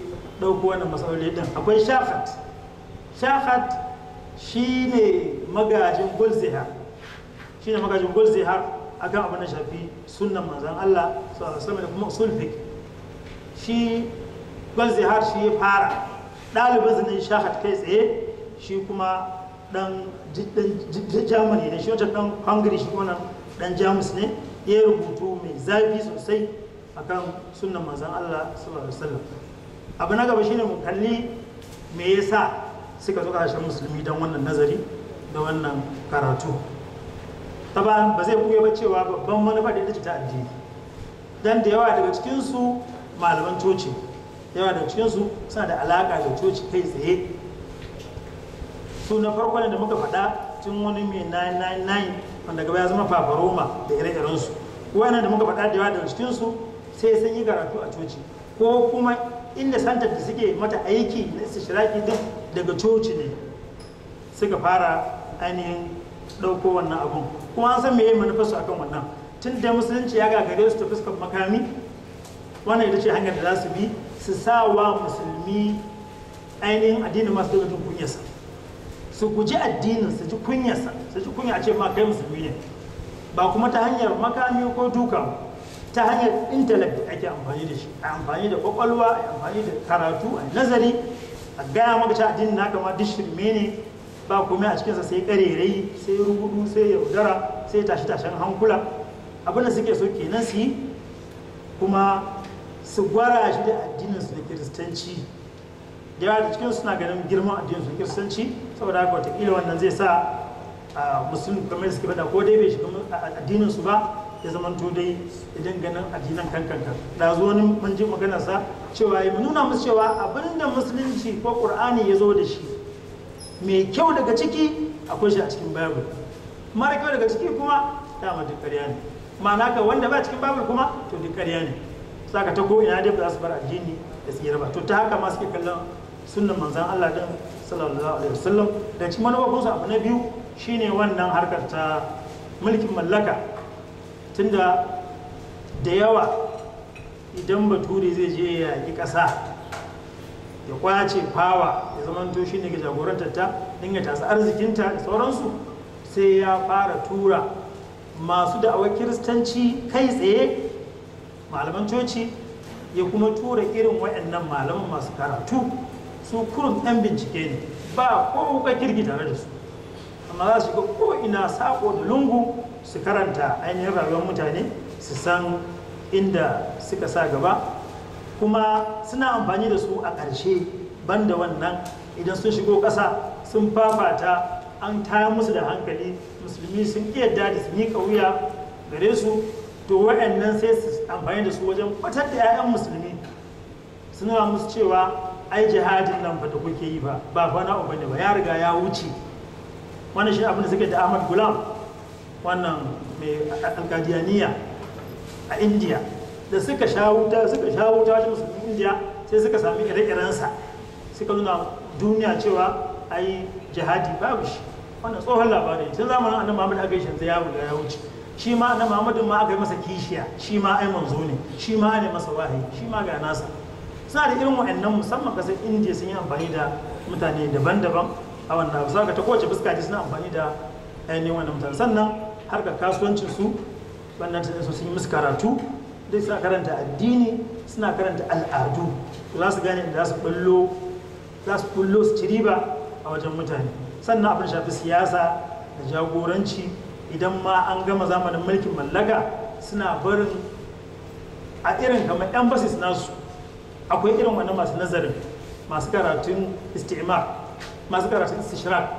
Speaker 2: ɗauko wannan matsaloli din akwai shafat shafat shi ne magajin gulzihar shi ne magajin gulzihar kan abin da shafi sunan manzan Allah sallallahu da kuma sulfik shi shi ya fara ɗalibin zinin shafat kai tsaye shi kuma dan germany ne shi wancan dan hungary shi wannan dan jamus ne ya rubutu mai zafi sosai akan sunan manzan allah sallallahu alaihi wasallam abu na gaba shine mu kalli me yasa suka zo kasashen musulmi don wannan nazari da wannan karatu Ta ba zai buge ba cewa babban manufa da ita ce ta addini dan da yawa daga cikinsu malaman coci yawa daga cikinsu suna da alaka da coci kai tsaye su na farko ne da muka faɗa tun wani mai 999 wanda gaba ya zama fafaroma da ire-irensu yana da muka faɗa da yawa daga cikinsu sai sun yi karatu a coci ko kuma inda santar da suke mata aiki na shiraki duk daga coci ne suka fara ainihin dauko wannan abun kuma an san yin manufarsu akan wannan tun da musulunci ya gagare su ta fuskar makami wannan ita ce hanyar da za su bi su sa wa musulmi ainihin addinin masu daga kunyarsa su guji addinin su ji kunyarsa su ji kunya ce ma kai musulmi ne ba kuma ta hanyar makami ko duka ta hanyar intellect ake amfani da shi a amfani da kwakwalwa a amfani da karatu a nazari a gaya maka cewa addinin naka ma duk shirme ne ba kuma a cikinsa sai karerai sai rubutu sai yaudara sai tashi tashen hankula abinda suke so kenan su yi kuma su gwara shi da addinin su da kiristanci da yawa da cikin suna ganin girman addinin su da kiristanci saboda haka watakila wannan zai sa musulun kamar suke bada ko dai bai shiga addinin su ba ya zama to dai idan ganin addinan kan da zo wani mun ji maganar sa cewa ya nuna musu cewa abinda musulunci ko qur'ani ya zo da shi mai kyau daga ciki akwai shi a cikin bible mara kyau daga ciki kuma ta ma duk ƙarya ne ma'ana ka wanda ba cikin bible kuma to duk ƙarya ne saka ta ko ina dai ba za su bar addini da tsira ba to ta haka ma suke kallon sunnan manzon Allah din sallallahu alaihi wasallam da cikin manufofinsa abu na biyu shine wannan harkar ta mulkin mallaka tunda da yawa idan bature zai je ya yaƙi ƙasa ya kwace fawa ya zamanto shi ne ga jagorantar ta dinga tasa arzikinta da sauransu sai ya fara tura masu da'awar kiristanci kai tsaye malaman coci ya kuma tura irin waɗannan malaman masu karatu su kurun 'yan bincike ne ba ko wuka kirki tare da su amma za su ga ko ina sako da lungu su karanta ainihin rayuwar mutane su san inda suka sa gaba kuma suna amfani da su a ƙarshe ban da wannan idan sun shigo ƙasa sun fafata an taya musu da hankali musulmi sun iya da su miƙa wuya gare su to wa'annan sai su amfani da su wajen kwatar da 'ya'yan musulmi suna musu cewa ai jihadin nan ba da kuke yi ba ba fana uba ba ya riga ya wuce wannan shi abin da suke da ahmad gulam wannan mai alkadiyaniya a India da suka shawuta suka shawuta shi musu sai suka sami ire sa suka nuna duniya cewa ai jihadi babu shi wannan tsohon labarai tun zamanin annabi muhammad aka yi shi ya riga ya wuce shi ma annabi muhammad ma aka yi masa kishiya shi ma ai manzo ne shi ma ne masa wahayi shi ma ga nasa suna da irin wa'annan musamman kasar indiya sun yi amfani da mutane daban-daban a wannan abu saka ta kowace fuska ce suna amfani da ainihin wannan mutane sannan har kasuwancin su wannan su sun yi musu karatu dai suna karanta addini suna karanta al'adu za su gane da za su bullo su su ci riba a wajen mutane sannan abin shafi siyasa da jagoranci idan ma an gama zamanin mulkin mallaka suna barin a irin kamar yan basis nasu akwai irin wani masu nazarin masu karatun istima masu karatun istishira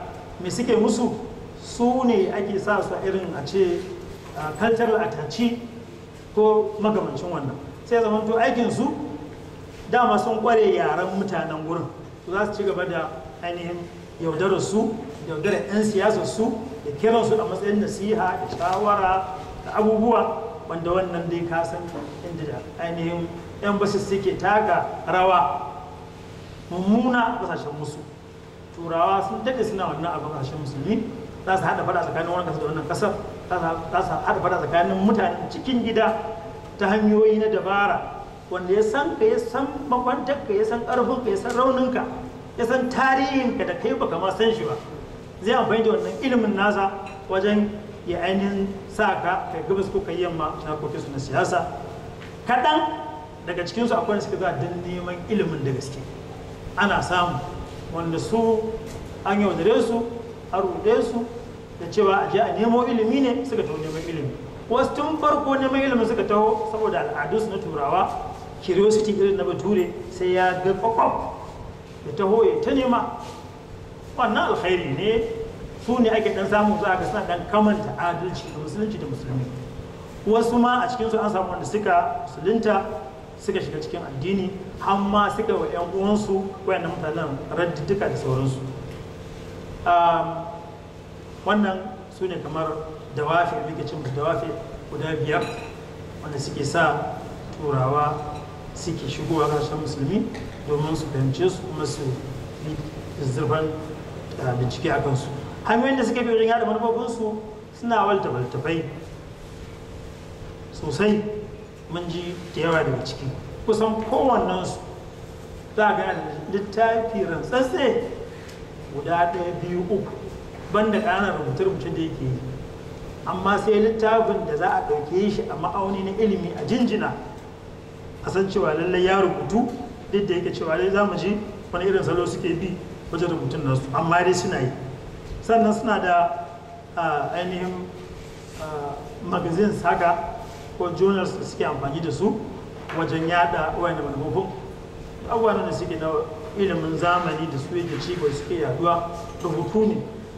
Speaker 2: me suke musu su ne ake sa su irin a ce cultural ataci ko magamancin wannan sai zama to aikin su dama sun kware yaren mutanen gurin za su ci gaba da ainihin yaudarar su yaudarar 'yan siyasar su da kiran su a matsayin nasiha da shawara da abubuwa wanda wannan dai ka san inda da ainihin 'yan basu suke taka rawa mummuna kasashen musu turawa sun dade suna wannan a kasashen musulmi za su haɗa fada tsakanin wannan kasar da wannan kasar za su haɗa fada tsakanin mutanen cikin gida ta hanyoyi na dabara wanda ya san ka ya san makwantar ka ya san ƙarfin ka ya san raunin ka ya san tarihin ka da kai ba kama san shi ba zai amfani da wannan ilimin nasa wajen ya ainihin sa ka kai gabas ko kai yamma na kofi su na siyasa kaɗan daga cikinsu akwai suka zuwa don neman ilimin da gaske ana samu wanda su an yaudare su a ruɗe su da cewa a je a nemo ilimi ne suka taho neman ilimi wasu tun farko neman ilimi suka taho saboda al'adu su na turawa curiosity irin na bature sai ya ga kwakwaf ya taho ya ta nema wannan alkhairi ne su ne ake dan samu za ga suna dan kamanta adalci da musulunci da musulmi wasu ma a cikinsu an samu wanda suka musulunta suka shiga cikin addini har ma suka wa 'yan uwansu wayannan mutanen raddiduka da sauransu wannan su ne kamar dawafi muke cin dawafi guda biyar wanda suke sa turawa suke shigowa ƙarshen musulmi domin su fahimce su kuma su yi zurfan bincike a kansu hanyoyin da suke bi wajen yada manufofinsu suna walta sosai mun ji da yawa daga ciki kusan su za ga littafi rantsatse guda ɗaya biyu uku banda ƙananan rubuta rubuce da yake yi amma sai littafin da za a ɗauke shi a ma'auni na ilimi a jinjina a san cewa lallai ya rubutu duk da yake cewa dai za mu ji wani irin salo suke bi wajen rubutun nasu amma dai suna yi sannan suna da ah, ainihin ah, magazin haka ko journals da suke amfani da su wajen yada wani manufofin abubuwan da suke na ilimin zamani da su yake cibiyar suke yaduwa rubutu ne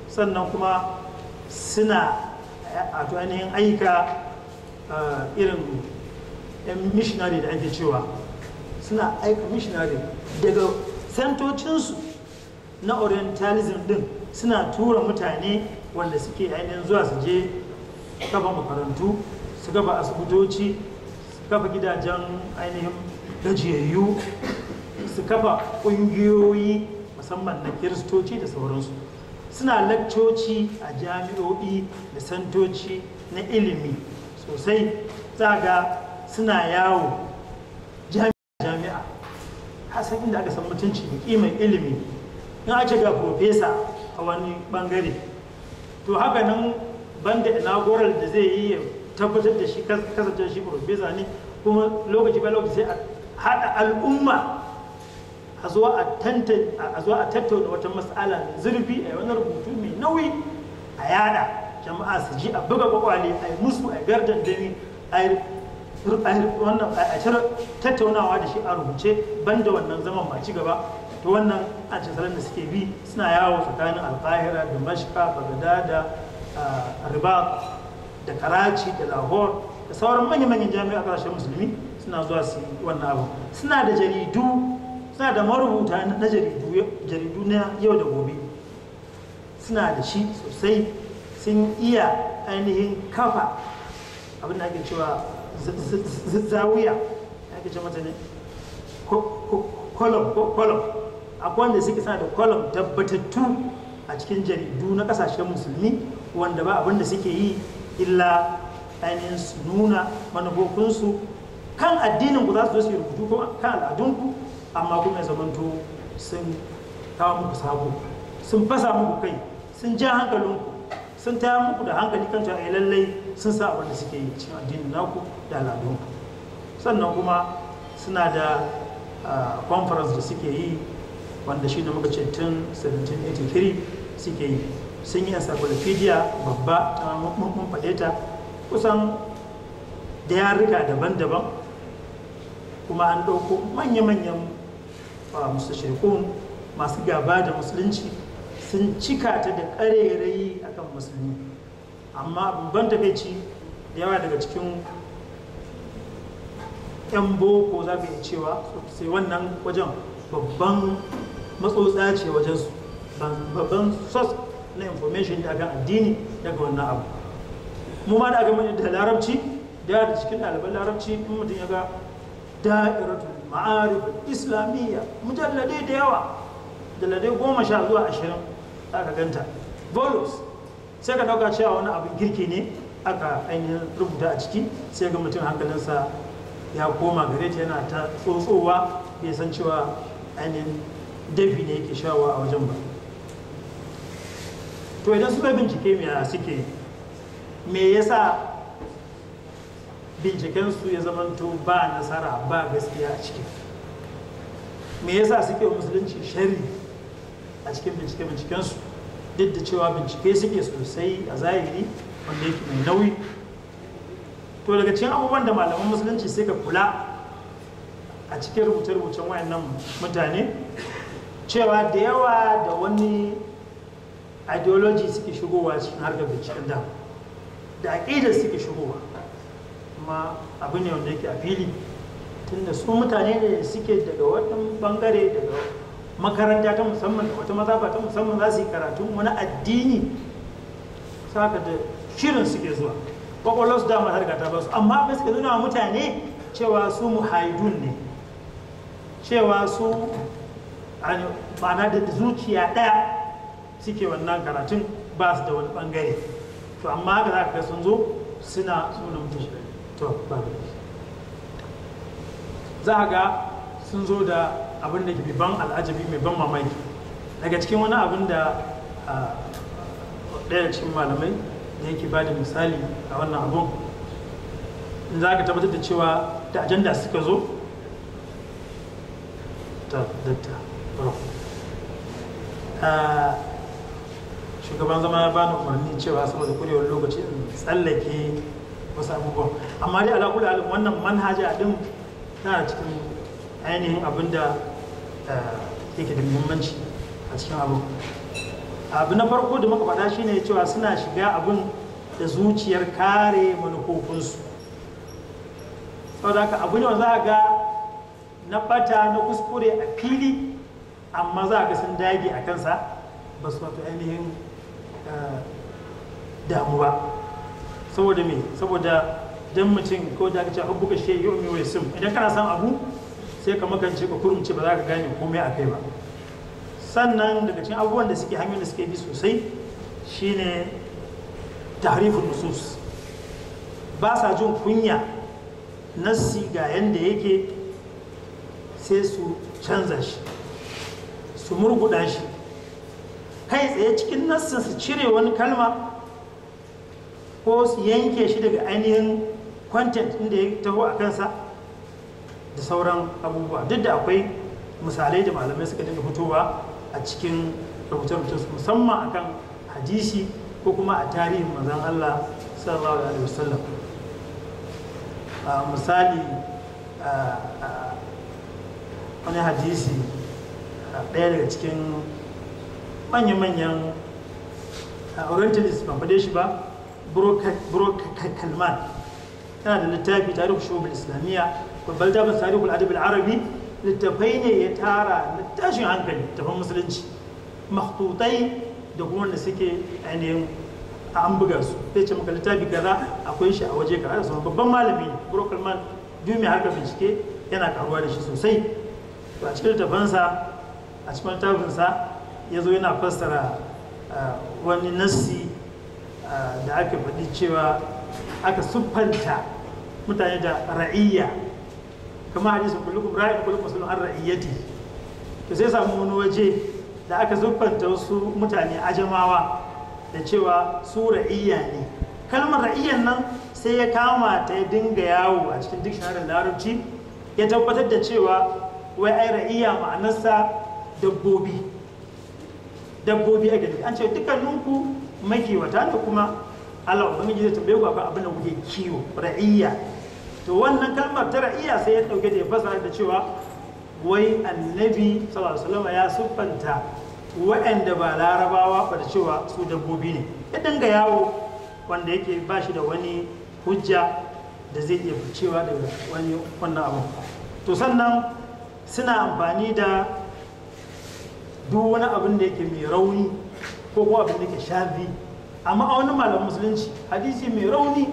Speaker 2: sannan kuma suna a ainihin aika eh, irin yan missionary da ake cewa suna aika missionary daga santocinsu na orientalism din suna tura mutane wanda suke ainihin zuwa su je kafa makarantu su kafa asibitoci su kafa gidajen ainihin gajiyayyu su kafa ƙungiyoyi musamman na kiristoci da sauransu suna lakcoci a jami'o'i da santoci na ilimi sosai zaga suna yawo jami'a hasan inda aka san mutunci da kimar ilimi in ake ga profesa a wani bangare to haka nan banda inaugural da zai yi tabbatar da shi kasance shi profesa ne kuma lokaci ba lokaci sai a haɗa al'umma a zuwa a tattauna wata matsala mai zurfi a wani rubutu mai nauyi a yada jama'a su ji a buga kwakwale a yi musu a yi a yi wannan a tattaunawa da shi a rubuce da wannan zaman ba ci gaba to wannan a cikin da suke bi suna yawo tsakanin alfahira da mashka bagada ah, da riba. da karachi da lahore da sauran manya-manyan jami'a kasashen musulmi suna zuwa su yi wannan abu suna da jaridu suna da marubuta na jaridu na yau da gobe suna da shi sosai sun iya ainihin kafa abin da ake cewa zawiya ake ce mata ne kolom kolom akwai wanda suke suna da kolom tabbatattu a cikin jaridu na kasashen musulmi wanda ba abin da suke yi illa ainihin su nuna manufofinsu kan addinin ku za su su yi rubutu ko kan al'adunku amma kuma ya zamanto sun kawo muku sabo sun fasa muku kai sun ja hankalinku sun taya muku da hankali kan cewa ai eh, lallai sun sa abin da suke yi cikin addinin naku da al'adunku sannan kuma suna da ah, conference da suke yi wanda shi ne muka ce tun 1783 suke yi sun yi encyclopedia babba ta mun faɗe ta kusan da yarurruka daban-daban kuma an ɗauko manya-manyan musu ah, mustashirikun masu gaba da musulunci sun cika ta da ƙarerayi akan musulmi amma ban takaici da yawa daga cikin 'yan boko za ka iya cewa sai wannan wajen babban matsotsa ce wajensu babban sos na information da addini daga wannan abu mu ma da aka mun da larabci da da cikin ɗaliban larabci in mutum ya ga da'iratul ma'arif islamiyya mujalladi da yawa mujalladai goma sha zuwa ashirin aka ganta volumes sai ka dauka cewa wani abu girki ne aka ainihin rubuta a ciki sai ga mutum hankalinsa ya koma gare ta yana ta tsotsowa bai san cewa ainihin dafi ne yake shawa a wajen ba to idan suka bincike me suke me yasa bincikensu ya zamanto ba nasara ba gaskiya a ciki me yasa suke musulunci shari a cikin bincike binciken su duk da cewa bincike suke sosai a zahiri wanda yake mai nauyi to daga cikin abubuwan da malaman musulunci suka kula a cikin rubuce-rubucen wayannan mutane cewa da yawa da wani ideology suke shigowa cikin harkar binciken da da aƙidar suke shigowa kuma abu ne wanda yake a fili tunda su mutane ne suke daga wata bangare daga makaranta ta musamman da wata mazaba ta musamman za su yi karatu wani addini saka da shirin suke zuwa da dama harka ta su amma abin suke nuna wa mutane cewa su muhaidun ne cewa su ma'ana da zuciya ɗaya suke wannan karatun ba su da wani bangare to amma haka za ka ga sun zo suna suna mutum to ba za a ga sun zo da abin da ke ban al'ajabi mai ban mamaki daga cikin wani abin da ɗaya cikin malamai da yake ba da misali a wannan abun in za ka tabbatar da cewa da ajanda suka zo ta datta shugaban zama ya bani umarni cewa saboda kurewar lokaci in tsallake wasu abubuwa amma dai ala kula wannan manhaja din tana cikin ainihin abinda da eh, yake da muhimmanci a cikin abu abu na farko da muka shi ne cewa suna shiga abin da zuciyar kare manufofinsu saboda haka abu ne za ga na bata na kuskure a fili amma za ga sun dage a kansa ba su wato ainihin damuwa saboda me saboda dan mutum ko da ka ce abu ka shi yi umi sim idan kana san abu sai ka makance ka kurumce ba za ka gane komai a kai ba sannan daga cikin abubuwan da suke hanyoyin da suke bi sosai shine tahrifun nusus ba sa jin kunya na siga yanda yake sai su canza shi su murguda shi kai tsaye cikin nassin su cire wani kalma ko su yanke shi daga ainihin content inda ya taho a kansa da sauran abubuwa duk da akwai misalai da malamai suka dinga fitowa a cikin rubuce-rubucen musamman akan hadisi ko kuma a tarihin mazan Allah sallallahu alaihi wasallam misali wani hadisi ɗaya daga cikin manya-manyan uh, orientalist ban fade shi ba burok kalman tana da littafi tarihu shubul islamiyya babbar tafin tarihu al'adab arabi littafai ne ya tara littafin hankali tafin musulunci makhtutai da kuma wanda suke ainihin an buga su zai ce maka littafi kaza akwai shi a waje ka da sauran babban malami burok kalman dumi harkar bincike yana karuwa da shi sosai to a cikin littafansa a cikin littafinsa ya zo yana fassara eh, wani nassi eh, da aka faɗi cewa aka siffanta mutane da ra'iyya kamar hadisun kullukum ra'ayin kullukum sun an ra'iyyati to sai samu wani waje da aka siffanta wasu mutane ajamawa da cewa su ra'iyya ne kalmar ra'iyyan nan sai ya kama ta ya dinga yawo a cikin duk shahararren larabci ya tabbatar da cewa wai ai ra'iyya ma'anarsa dabbobi dabbobi ake an ce dukkaninku makiwata ne kuma Allah ubangiji zai tambaye ku akan abin da kuke kiwo ra'iyya to wannan kalmar ta ra'iyya sai ya dauke da ya fasa da cewa wai annabi sallallahu alaihi wasallam ya sufanta waɗanda ba larabawa ba da cewa su dabbobi ne ya dinga yawo wanda yake ba shi da wani hujja da zai iya cewa daga wani wannan abu to sannan suna amfani da duk wani abin da yake mai rauni ko kuma abin da yake shafi amma a wani malamin musulunci hadisi mai rauni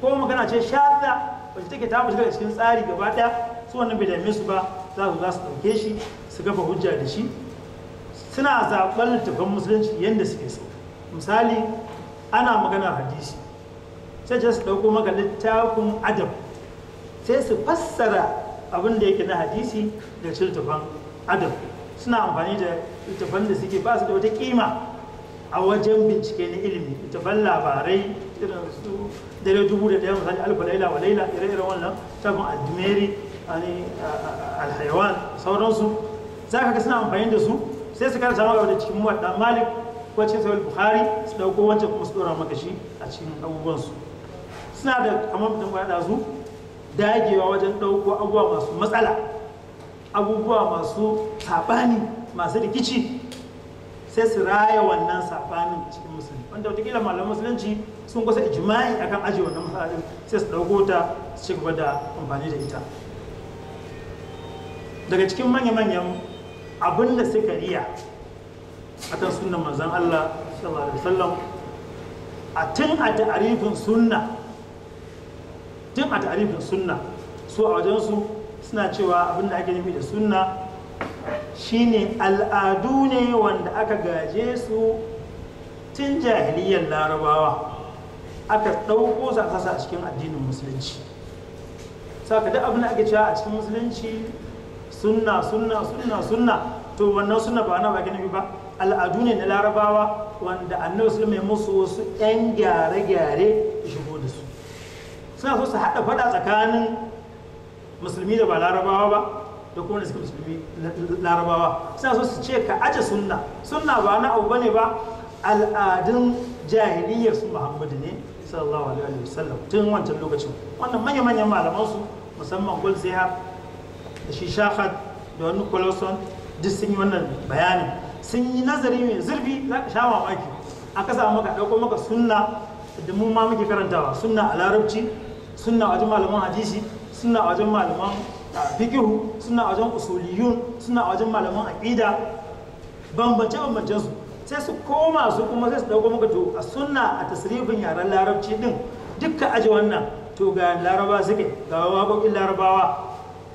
Speaker 2: ko magana ce shaza wacce take ta shiga cikin tsari gaba daya su wannan bai dame su ba za su za su dauke shi su gaba hujja da shi suna zaɓar littafin musulunci yadda suke so misali ana magana hadisi sai ce su ɗauko maka littafin adam sai su fassara abin da yake na hadisi da littafin adam suna amfani da littafan da suke ba su da wata kima a wajen bincike na ilimi littafan labarai irin su dare dubu da ɗaya misali alfa laila wa laila ire-iren wannan tabin addumeri alhaiwan sauransu za ka ga suna amfani da su sai su karanta maka da cikin muwadda malik ko cikin sahih Buhari su dauko wancan kuma su dora maka a cikin abubuwansu suna da kamar da su dagewa wajen dauko abubuwa masu matsala abubuwa masu sabani masu rikici sai su raya wannan sabanin cikin musulmi wanda watakila malaman musulunci sun kusa a akan ajiye wannan matsalolin sai su ɗauko ta su ci gaba da amfani da ita daga cikin manya-manyan abin da suka riya kan sunan manzan Allah sallallahu alaihi wasallam a tun a ta'arifin sunna tun a ta'arifin sunna su a wajensu suna cewa abin da ake nufi da sunna shine al'adu ne wanda aka gaje su tun jahiliyar larabawa aka ɗauko su a a cikin addinin musulunci saka duk abin da ake cewa a cikin musulunci sunna sunna sunna sunna to wannan sunna ba na bakin nufi ba al'adu ne na larabawa wanda annabi sun ya musu wasu 'yan gyare-gyare shigo da su suna so su haɗa faɗa tsakanin musulmi da ba larabawa ba da kuma suka musulmi larabawa suna so su ce ka aje sunna sunna ba na abu bane ba al'adun jahiliyar su muhammadu ne sallallahu alaihi wasallam tun wancan lokacin wannan manya manyan malaman su musamman gulzihar da shi shahad da wani Koloson duk sun yi wannan bayanin sun yi nazari mai zurfi za ka sha mamaki aka samu maka ɗauko maka sunna da mu ma muke karantawa sunna a larabci sunna a wajen malaman hadisi sunna a wajen malaman fikihu sunna a wajen usuliyun sunna a wajen malaman aqida bambance bambancen su sai su koma su kuma sai su dauko maka to a suna a tasrifin yaren larabci din dukka aji wannan to ga laraba suke ga wakokin larabawa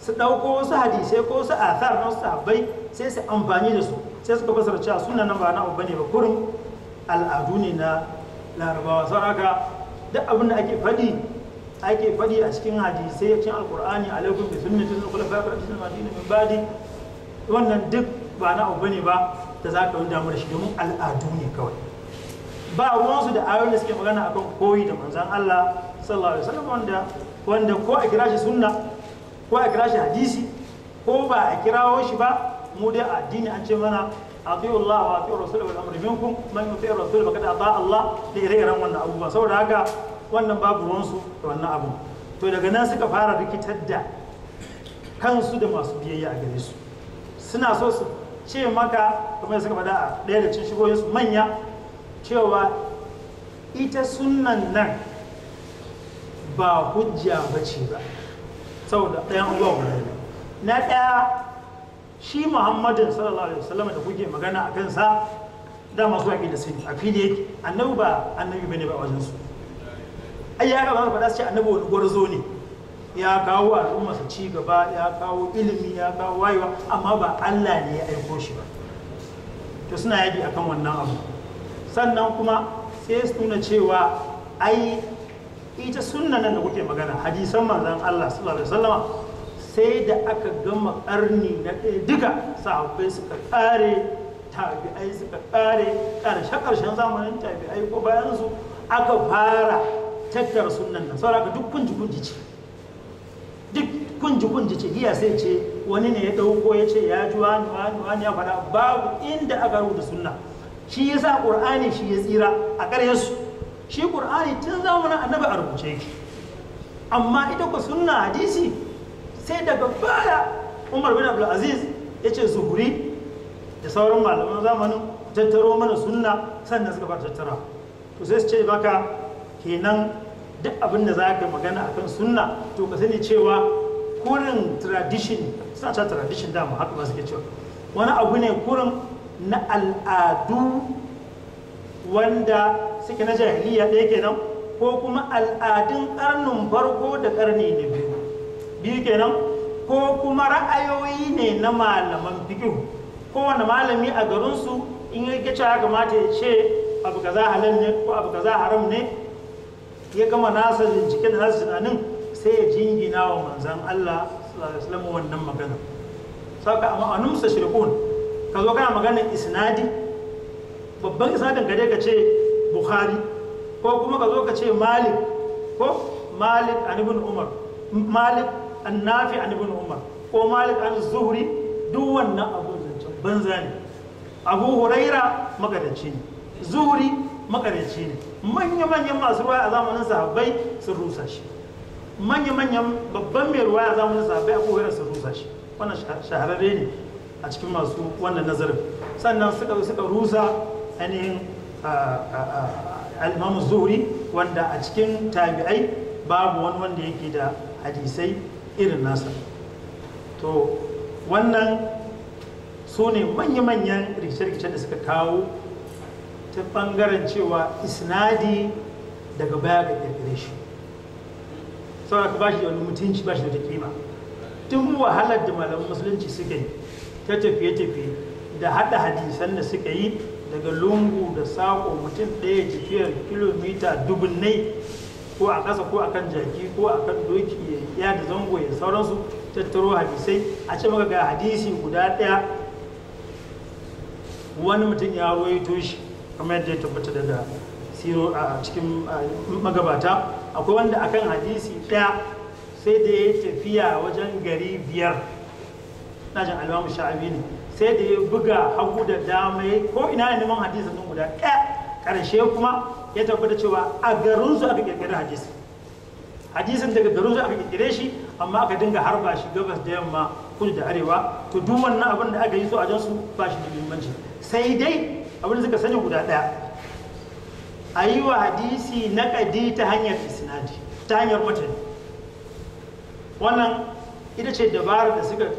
Speaker 2: su ɗauko wasu hadisai ko wasu athar na wasu sahabbai sai su amfani da su sai suka fasara cewa suna nan ba na abu bane ba kurin al'adu ne na larabawa saboda duk abin da ake faɗi ake faɗi a cikin hadisai a cikin alkur'ani alaikum bi sunnatin da kula fa'ar rasul madina min badi wannan duk ba na abu bane ba da za ka damu da shi domin al'adu ne kawai ba wansu da ayoyin da suke magana akan koyi da manzan Allah sallallahu alaihi wasallam wanda wanda ko a kira shi sunna ko a kira shi hadisi ko ba a kirawo shi ba mu dai addini an ce mana atiyu Allah wa atiyu rasul wal amri minkum man yuti rasul faqad ata Allah da ire-iren wannan abubuwa saboda haka wannan babu ruwansu da wannan abu to daga nan suka fara rikitar da kansu da masu biyayya a gare su suna so su ce maka kamar suka faɗa a ɗaya da cin su manya cewa ita sunan nan ba hujja ba ce ba saboda ɗayan uwa guda na ɗaya shi muhammadin sallallahu alaihi wasallam da kuke magana a kansa Da masu haƙi da sai a fili yake annabi ba annabi bane ba wajen su ai yara ba za su ce annabi wani gwarzo ne ya kawo al'umma su ci gaba ya kawo ilimi ya kawo wayewa amma ba Allah ne ya aiko shi ba to suna yabi akan wannan abu sannan kuma sai su nuna cewa ai ita sunna nan da kuke magana hadisan mazan Allah sallallahu alaihi wasallama sai da aka gama karni na ɗaya duka sahabbai suka kare tabi'ai suka kare karshe karshen zamanin tabi'ai ko bayan su aka fara tattara sunan nan sauraka duk kunji kunji ce duk kunji kunji ce giya sai ce wani ne ya dauko ya ce ya ji wani wani wani ya faɗa babu inda aka rubuta sunna shi sa ƙur'ani shi ya tsira a ƙaryar su shi ƙur'ani tun zamanin annabi a rubuce yake amma ita ku sunna hadisi sai daga baya Umar bin Abdul Aziz ya ce zuhuri da sauran malaman zamanin tattaro mana sunna sannan suka fara tattara to sai su ce maka kenan duk abin da za ka magana a kan sunna to ka sani cewa kurin tradition suna cewa tradition dama haka ba ke cewa wani abu ne kurin na al'adu wanda suke na jahiliya ɗaya kenan ko kuma al'adun ƙarnin farko da ƙarni na biyu biyu kenan ko kuma ra'ayoyi ne na malaman fikihu kowane malami a garinsu in yi ce ya kamata ya ce abu kaza halal ne ko abu kaza haram ne ya gama nasa jikin nasa tunanin sai ya jingina wa manzan Allah sallallahu wannan magana saka amma anum sa shirkun ka zo kana maganar isnadi babban isnadin gare ka ce bukhari ko kuma ka zo ka ce malik ko malik an ibn umar malik an nafi an ibn umar ko malik an zuhri duk wannan abun zancen banza ne abu huraira makarici ne zuhri makarici ne manya-manyan masu ruwa a zamanin sahabbai sun rusa shi manya-manyan babban mai ruwa a zamanin sahabbai abu hurairah sun rusa shi wannan shahararre ne a cikin masu wannan nazarin sannan suka suka rusa ainihin al zuri wanda a cikin tabi'ai babu wani wanda yake da hadisai irin nasa to wannan su ne manya-manyan rikice rikice da suka kawo ta bangaren cewa isnadi daga baya ga kirkire shi sauran ka bashi da wani mutunci ba shi da ta kima tun wahalar da malaman musulunci suka yi ta tafiye-tafiye da haɗa hadisan da suka yi daga lungu da saƙo mutum ɗaya tafiyar kilomita dubunnai ko a ƙasa ko a kan jaki ko a kan doki ya da zango ya sauransu tattaro hadisai a ce maka ga hadisi guda ɗaya wani mutum ya ruwaito shi kamar yadda ya tabbata daga siro a cikin magabata akwai wanda akan hadisi ɗaya sai da ya tafiya wajen gari biyar na jin sha'abi ne sai da ya buga hagu da dama ya ko ina neman hadisi sun guda ɗaya ƙarshe kuma ya tabbata cewa a garinsu aka ƙirƙiri hadisi hadisin daga garinsu aka ƙirƙire shi amma aka dinga harba shi gabas da yamma kudu da arewa to duk wannan abin da aka yi so a jansu ba shi da muhimmanci sai dai abin suka sani guda ɗaya a yi wa hadisi na kadi ta hanyar isnadi ta hanyar mutane wannan ita ce dabarar da suka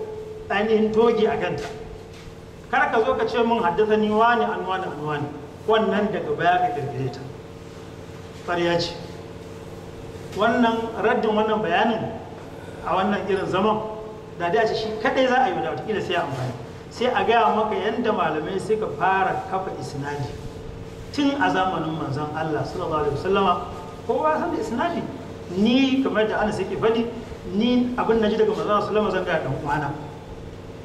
Speaker 2: ainihin toge a kanta kar ka zo ka ce mun haddasa ni wani an wani an wani wannan daga baya ka kirkire ta ƙarya ce wannan raddin wannan bayanin a wannan irin zaman da a ce shi kadai za a yi wadda ila sai amfani sai a gaya maka yadda malamai suka fara kafa isnadi tun a zamanin manzon Allah sallallahu alaihi wasallama kowa san da isnadi ni kamar da Anas yake faɗi ni abin na ji daga manzon Allah sallallahu zan gaya dan uwana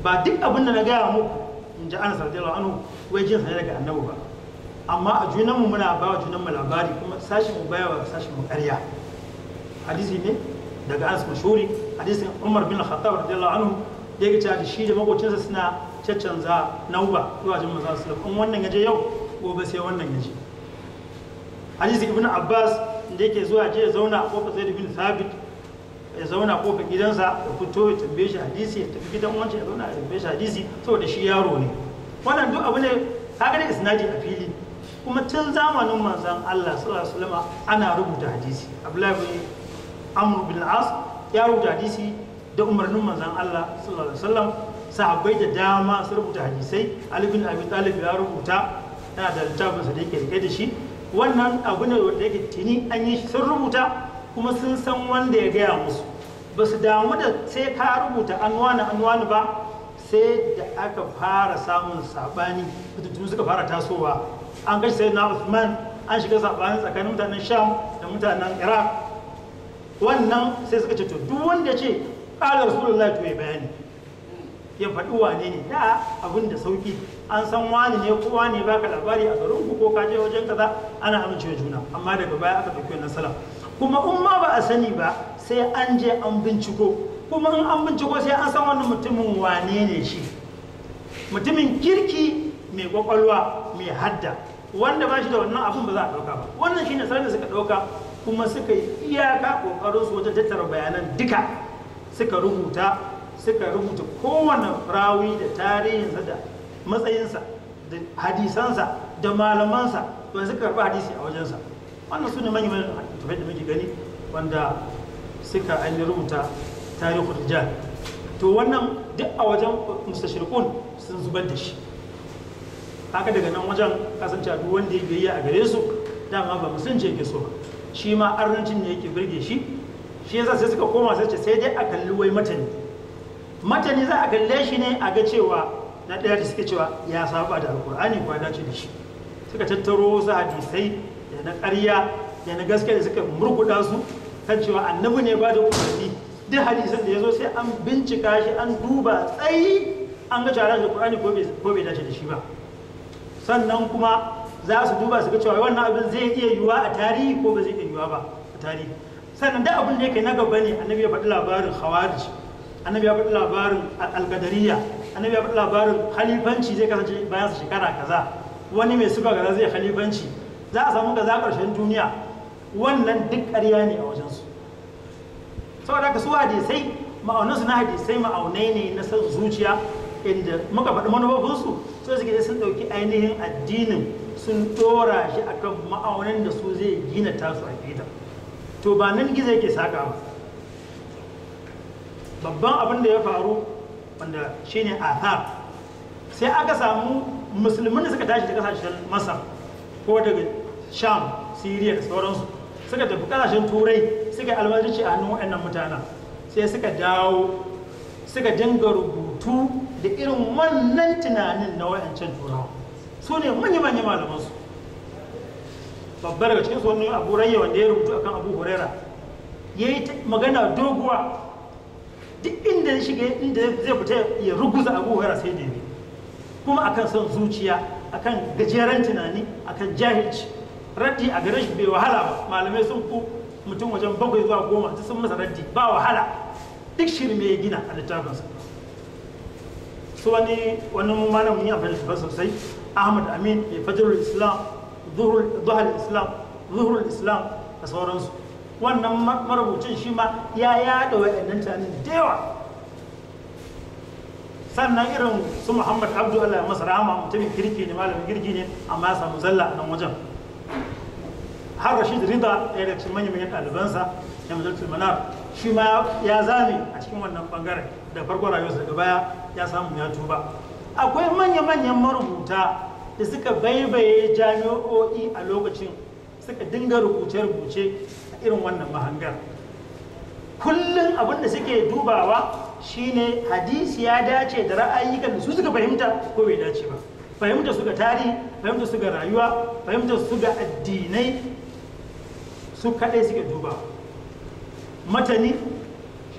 Speaker 2: ba duk abin da na gaya muku in ji Anas radiyallahu anhu wai jin sa daga annabi ba amma a junanmu muna ba wa mu labari kuma sashin mu baya wa mu ƙarya hadisi ne daga Anas mashuri hadisin Umar bin Khattab radiyallahu anhu da yake cewa shi da makocinsa suna caccanza nauba zuwa jin maza su in wannan yaje yau gobe sai wannan yaje hadisi ibn abbas da yake zuwa je ya zauna a kofar zaid bin sabit ya zauna a kofar gidansa da fito ya tambaye shi hadisi ya tafi gidan wancan ya zauna ya tambaye shi hadisi saboda shi yaro ne wannan duk abu ne ka ne isnadi a fili kuma tun zamanin manzon Allah sallallahu alaihi wasallam ana rubuta hadisi Abdullahi ibn Amr bin As ya rubuta hadisi da umarnin manzon Allah sallallahu alaihi wasallam sahabbai da dama su rubuta hadisai alibin abin talib ya rubuta yana da littafinsa da yake rike da shi wannan abu ne wanda yake tuni an yi sun rubuta kuma sun san wanda ya gaya musu ba su damu da sai ka rubuta an wani an wani ba sai da aka fara samun sabani fitattun suka fara tasowa an gashi sai na usman an shiga sabani tsakanin mutanen Sham da mutanen Iraq wannan sai suka ce to duk wanda ce ƙalar rasulullahi to ya bayani ya faɗi wane ne da abin da sauki an san wani ne ko wani baka labari a garin ku ko ka je wajen kaza ana amincewa juna amma daga baya aka ɗauki wannan sala kuma in ma ba a sani ba sai an je an binciko kuma in an binciko sai an san wani mutumin wane ne shi mutumin kirki mai kwakwalwa mai hadda wanda ba shi da wannan abin ba za a ɗauka ba wannan shine salaf da suka ɗauka kuma suka yi iyaka ƙoƙarinsu wajen tattara bayanan duka suka rubuta suka rubuta kowane rawi da tarihinsa da matsayinsa da hadisansa da malamansa to suka karɓi hadisi a wajensa wannan su ne manyan tafai da muke gani wanda suka an rubuta tarihin rijal to wannan duk a wajen mustashirkun sun zubar da shi haka daga nan wajen kasance duk wanda ya biyayya a gare su dama ba musulunci yake so ba shi ma arnancin ne yake birge shi shi yasa sai suka koma sai ce sai dai a kalli wai matani matani za a kalle shi ne a ga cewa na ɗaya da suke cewa ya saba da alkur'ani ko ya dace da shi suka tattaro wasu hadisai da na ƙarya da na gaske da suka murkuɗa su kan cewa annabi ne ba da umarni duk hadisan da ya zo sai an bincika shi an duba tsayi an ga cewa da alkur'ani ko bai dace da shi ba sannan kuma za su duba su ga cewa wannan abin zai iya yiwuwa a tarihi ko ba zai iya yiwuwa ba a tarihi sannan da abin da yake na gaba ne annabi ya faɗi labarin khawarij annabi ya faɗi labarin alƙadariya annabi ya faɗi labarin halifanci zai kasance bayan shekara kaza wani mai suka gaza zai halifanci za a samu kaza ƙarshen duniya wannan duk ƙarya ne a wajensu saboda haka su hadisai ma'aunansu na hadisai ma'aunai ne na san zuciya inda muka faɗi manufofinsu sai suke sun ɗauki ainihin addinin sun ɗora shi akan ma'aunin da su zai gina tasu a to ba nan gizo yake saka ba babban abin da ya faru wanda shi ne athar sai aka samu musulmin da suka tashi da kasashen masar ko daga sham siriya da sauransu suka tafi kasashen turai suka almajirci a hannun waɗannan mutanen sai suka dawo suka dinga rubutu da irin wannan tunanin na wayancan turawa su ne manya-manya malamansu babbar daga cikin su wani abu rayya wanda ya rubutu akan abu hurera ya yi magana doguwa duk inda ya shige inda zai fita ya ruguza abu sai da ne kuma akan son zuciya akan gajeren tunani akan jahilci raddi a gare shi bai wahala ba malamai sun ku mutum wajen bakwai zuwa goma ta sun masa raddi ba wahala duk shirin mai gina a littafinsa su wani wani malamin ya fahimci ba sosai ahmad amin mai fajar islam zuhur islam zuhur islam da sauransu wannan marubucin shi ma ya yaɗa wa'annan tunanin da yawa sannan irin su muhammad abdu allah masu mutumin kirki ne malamin kirki ne amma ya samu zalla a nan wajen har rashid rida ɗaya da cikin manyan manyan ɗalibansa na majalisar manar shi ma ya zame a cikin wannan bangaren da farko rayuwarsa daga baya ya samu ya tuba akwai manya-manyan marubuta da suka baibaye jami'o'i a lokacin suka dinga rubuce-rubuce irin wannan mahangar kullum abinda da suke dubawa shine hadisi ya dace da ra'ayikan su suka fahimta ko bai dace ba fahimta su ga tarihi fahimta su ga rayuwa fahimta su ga addinai su kadai suke duba matani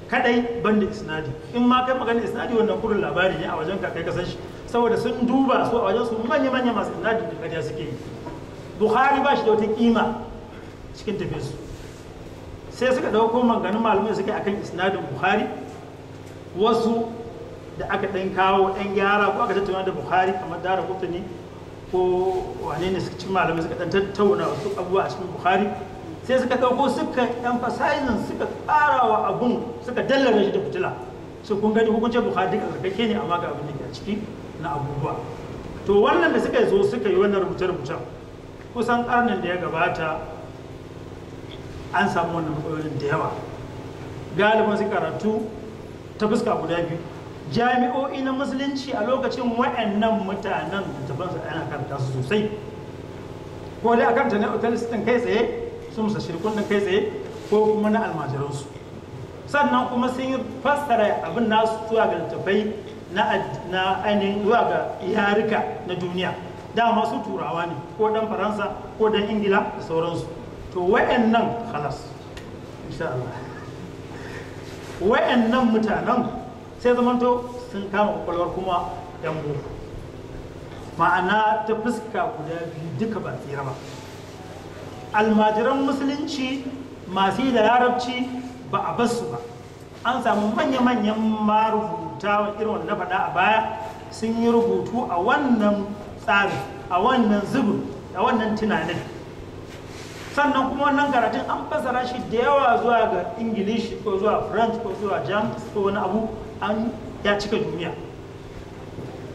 Speaker 2: kadai banda isnadi in ma kai magana isnadi wannan kurin labari ne a wajen ka kai kasan shi saboda sun duba su a wajen su manya manya masu isnadi da kariya suke yi buhari ba shi da wata kima cikin tafiyarsu sai suka dauko maganin malamai suke akan isnadin Buhari wasu da aka ɗan kawo ɗan gyara ko aka tattauna da Buhari kamar dara kutuni ko wane ne suka cikin malamai suka ɗan tattauna wasu abubuwa a cikin Buhari. sai suka dauko suka emphasizing suka ƙara wa abun suka dallara shi da fitila su kun gani hukuncin Buhari duka karkake ne amma ga abin da ke a ciki na abubuwa to wannan da suka zo suka yi wannan rubuce-rubucen kusan ƙarnin da ya gabata an samu wannan matsalolin da yawa galiban su karatu ta fuska guda biyu jami'o'i na musulunci a lokacin wa'annan mutanen da su ana karanta su sosai ko dai a karanta na otal sitin kai tsaye su musa shirkun ɗin kai tsaye ko kuma na almajiransu sannan kuma sun yi fassara abin nasu zuwa ga littattafai na ainihin zuwa ga yarika na duniya dama su turawa ne ko dan faransa ko dan ingila da sauransu to nan halas insha Allah nan mutanen sai zamanto sun kama kwakwalwar kuma yan ma'ana ta fuska guda biyu duka ba tsira ba almajiran musulunci masu yi da larabci ba a basu ba an samu manya-manyan marubuta irin wanda faɗa a baya sun yi rubutu a wannan tsari a wannan zubin a wannan tunanin sannan kuma wannan karatun an fassara shi da yawa zuwa ga ingilishi ko zuwa french ko zuwa jamus ko wani abu an ya cika duniya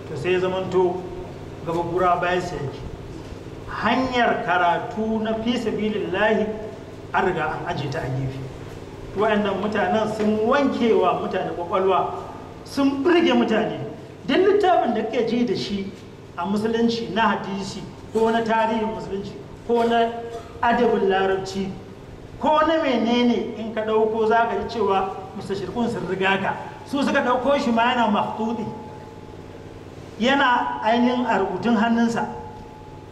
Speaker 2: to sai zamanto gaba gura bayan sayanki hanyar karatu na fi sabilillahi an riga an aje ta a gefe wayannan mutanen sun wankewa mutane kwakwalwa sun burge mutane duk littafin da kake ji da shi a musulunci na hadisi ko na tarihin musulunci ko na adabin larabci ko na menene in ka ɗauko za ka yi cewa mustashirkun sun riga ka su suka ɗauko shi ma yana mahtudi yana ainihin a rubutun hannunsa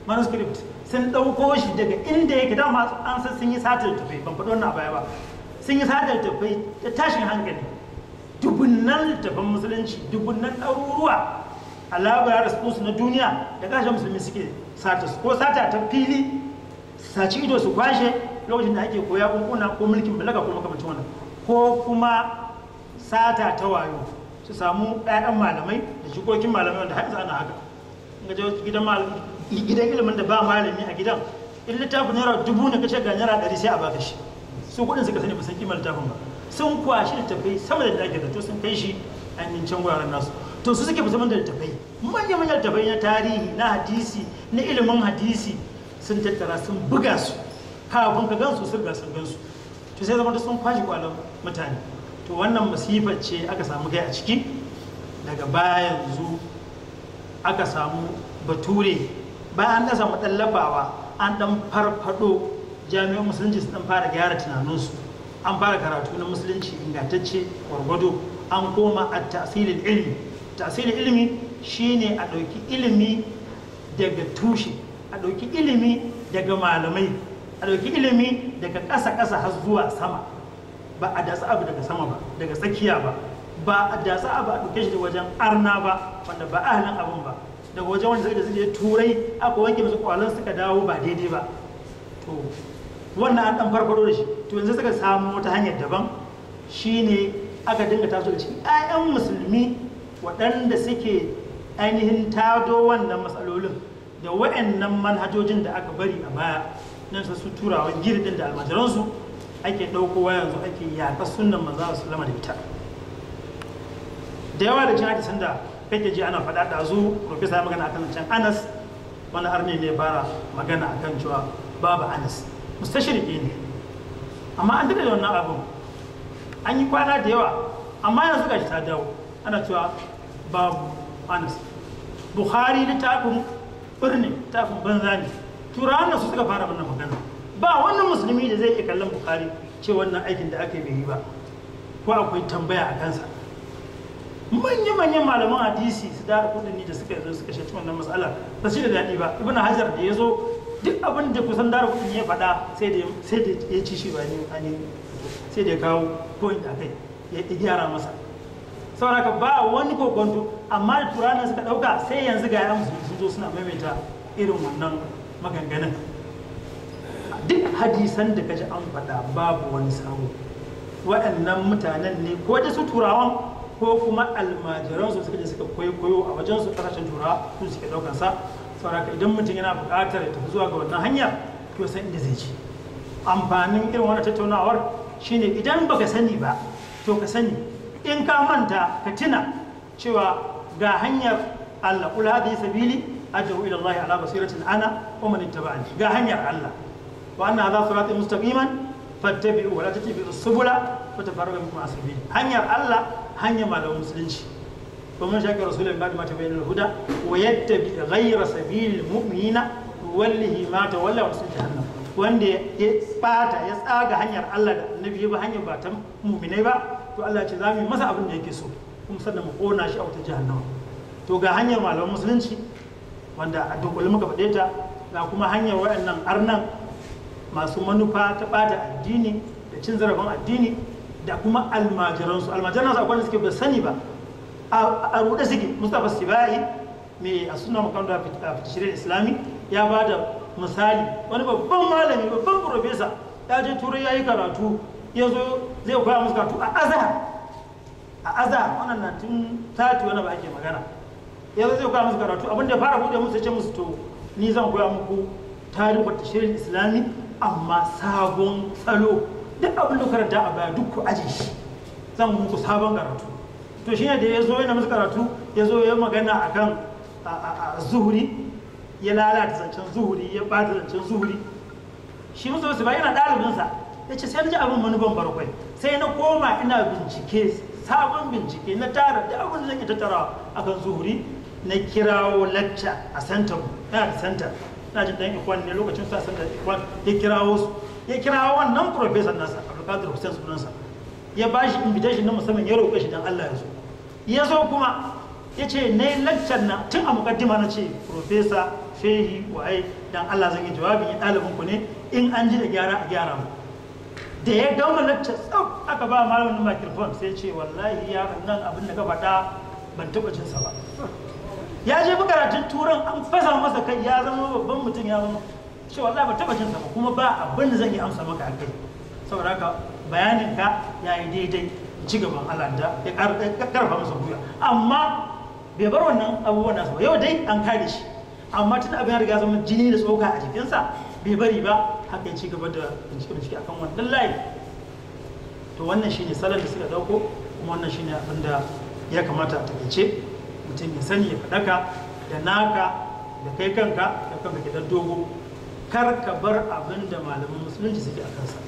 Speaker 2: manuscript sun ɗauko shi daga inda yake dama an san sun yi satar tafai ban faɗo na baya ba sun yi satar tafai da tashin hankali dubunnan littafin musulunci dubunnan ɗaruruwa a labarar na duniya da kashe musulmi suke satar ko sata ta fili saci ido su kwashe lokacin da ake koya kunkuna ko mulkin balaga ko makamacin wannan ko kuma sata ta wayo su samu ɗayan malamai da shikokin malamai wanda har ana haka ga gidan gidan ilimin da ba malami a gidan in littafin naira dubu ne kashe ga naira ɗari sai a baka shi su kuɗin suka sani ba san kimar littafin ba sun kwashi littafai sama da dage da to sun kai shi amincin wuraren nasu to su suke musamman da littafai manya manyan littafai na tarihi na hadisi na ilimin hadisi sun tattara sun buga su kafin ka gansu sun gasu sun gansu to sai zama sun kwashe kwalar mutane to wannan masifar ce aka samu kai a ciki daga bayan zu aka samu bature bayan an samu dan labawa an dan farfado jami'an musulunci su dan fara gyara tunaninsu an fara karatu na musulunci ingantacce gwargwado an koma a tasirin ilimi tasirin ilimi shine a ɗauki ilimi daga tushe a ɗauki ilimi daga malamai a ɗauki ilimi daga ƙasa-ƙasa har zuwa sama ba a dasa abu daga sama ba daga tsakiya ba ba a dasa abu a ɗauke shi da wajen arna ba wanda ba ahalin abin ba daga wajen wanda suka zai turai aka wanke masu kwalan suka dawo ba daidai ba to wannan an ɗan farfaro da shi to yanzu suka samu wata hanyar daban shine aka dinga taso da cikin 'ya'yan musulmi waɗanda suke ainihin tado wannan matsalolin da wa'annan manhajojin da aka bari a baya nan su turawa girdin da almajiransu ake ɗauko yanzu ake yaƙa sunan maza su lama da ita da yawa da cin hadisan da kake ji ana faɗa da zu profesa ya magana akan can anas wani arni ne bara magana akan cewa babu anas mustashiriki ne amma an dade da wannan abin an yi kwana da yawa amma yanzu shi ta dawo ana cewa babu anas bukhari littafin birni tafin banza ne turawan nan su suka fara wannan magana ba wannan musulmi da zai iya kallon bukari ce wannan aikin da aka yi bai yi ba ko akwai tambaya a kansa manya-manyan malaman hadisi su da kudin da suka zo suka shaci wannan matsalar ba shi da daɗi ba ibn hajar da ya zo duk abin da kusan dara kudin ya faɗa sai da ya ci shi ba ne sai da ya kawo ko a kai ya gyara masa saboda ba wani kokonto amma da turanin suka dauka sai yanzu ga yan su zo suna maimaita irin wannan maganganun duk hadisan da kaji an faɗa babu wani sabo waɗannan mutanen ne ko da su turawan ko kuma almajiran su suka je suka kwaikwayo a wajen su kasashen turawa su suke daukan sa saboda idan mutum yana buƙatar ya tafi zuwa ga wannan hanya to san inda zai ci amfanin irin wannan tattaunawar shine idan baka sani ba to ka sani in ka manta ka tuna cewa ga hanyar Allah kul hadhihi sabili ad'u ila Allah ala basiratin ana wa man ittaba'ani ga hanyar Allah wa anna hadha siratal mustaqiman fattabi'u wa la tattabi'u subula fatafarraqu bikum an sabili hanyar Allah hanyar malamin musulunci ومن شاك رسولا بعد ما تبين الهدى ويتبع غير سبيل المؤمنين wallahi ma ta walla wasu wanda ya ya tsaga hanyar Allah da annabi ba hanyar ba ta mu'minai ba to Allah ce za mu yi masa abin da yake so kuma sannan mu kona shi a wata jahannama to ga hanyar malaman musulunci wanda a dunkule muka faɗe ta ga kuma hanyar wayannan arnan masu manufa ta bada addini da cin zarafin addini da kuma almajiran su akwai suke ba sani ba a rude suke mustapha sibahi mai a suna da shirin islami ya ba da misali wani babban malami babban profesa ya je turai ya yi karatu Yanzu zai koya musu karatu a aza a aza wannan na tun tati wani ba ake magana yanzu zai koya musu karatu abinda fara buɗe musu ce musu to ni zan koya muku da shirin islami amma sabon tsalo duk abin da karanta a baya duk ku aje shi zan muku sabon karatu to shine da ya zo yana musu karatu ya zo ya magana a akan zuhuri ya lalata zancen zuhuri ya bata zancen zuhuri shi musu ba yana ɗalibinsa ya ce sai na ji abin manufan farkon sai na koma ina bincike sabon bincike na tara da abin da zan ita tattara a kan zuhuri na kirawo lacca a santa na da santa na jin dan ikon ne lokacin sa santa ikon ya kirawo su ya kirawo wannan professor nasa abdulkadir hussein sunansa ya ba shi invitation na musamman ya roƙe shi dan allah ya zo ya zo kuma ya ce na yi lacca na tun a mukaddima na ce Profesa fehi wa'ai dan allah zan yi jawabin ya ɗalibin ku ne in an ji da gyara a gyara mu da ya dauna lacca tsaf aka ba malamin microphone sai ce wallahi ya nan abin da ka faɗa ban taɓa jin ba ya je karatun turan an fasa masa kai ya zama babban mutum ya zama ce wallahi ban taɓa jin ba kuma ba abin da zan yi amsa maka akai saboda haka bayanin ka ya yi daidai ci gaban alanda ya karfa masa amma bai bar wannan abubuwan nasa ba yau dai an kare shi amma tun abin ya riga zama jini da tsoka a jikinsa bai bari ba haka ya ci gaba da bincike bincike akan wannan layi to wannan shine salar da suka dauko kuma wannan shine ne abinda ya kamata a takaice mutum ya sani ya faɗaka da naka da kai kanka da kanka ke dogo kar ka bar abin da malaman musulunci suke a kansa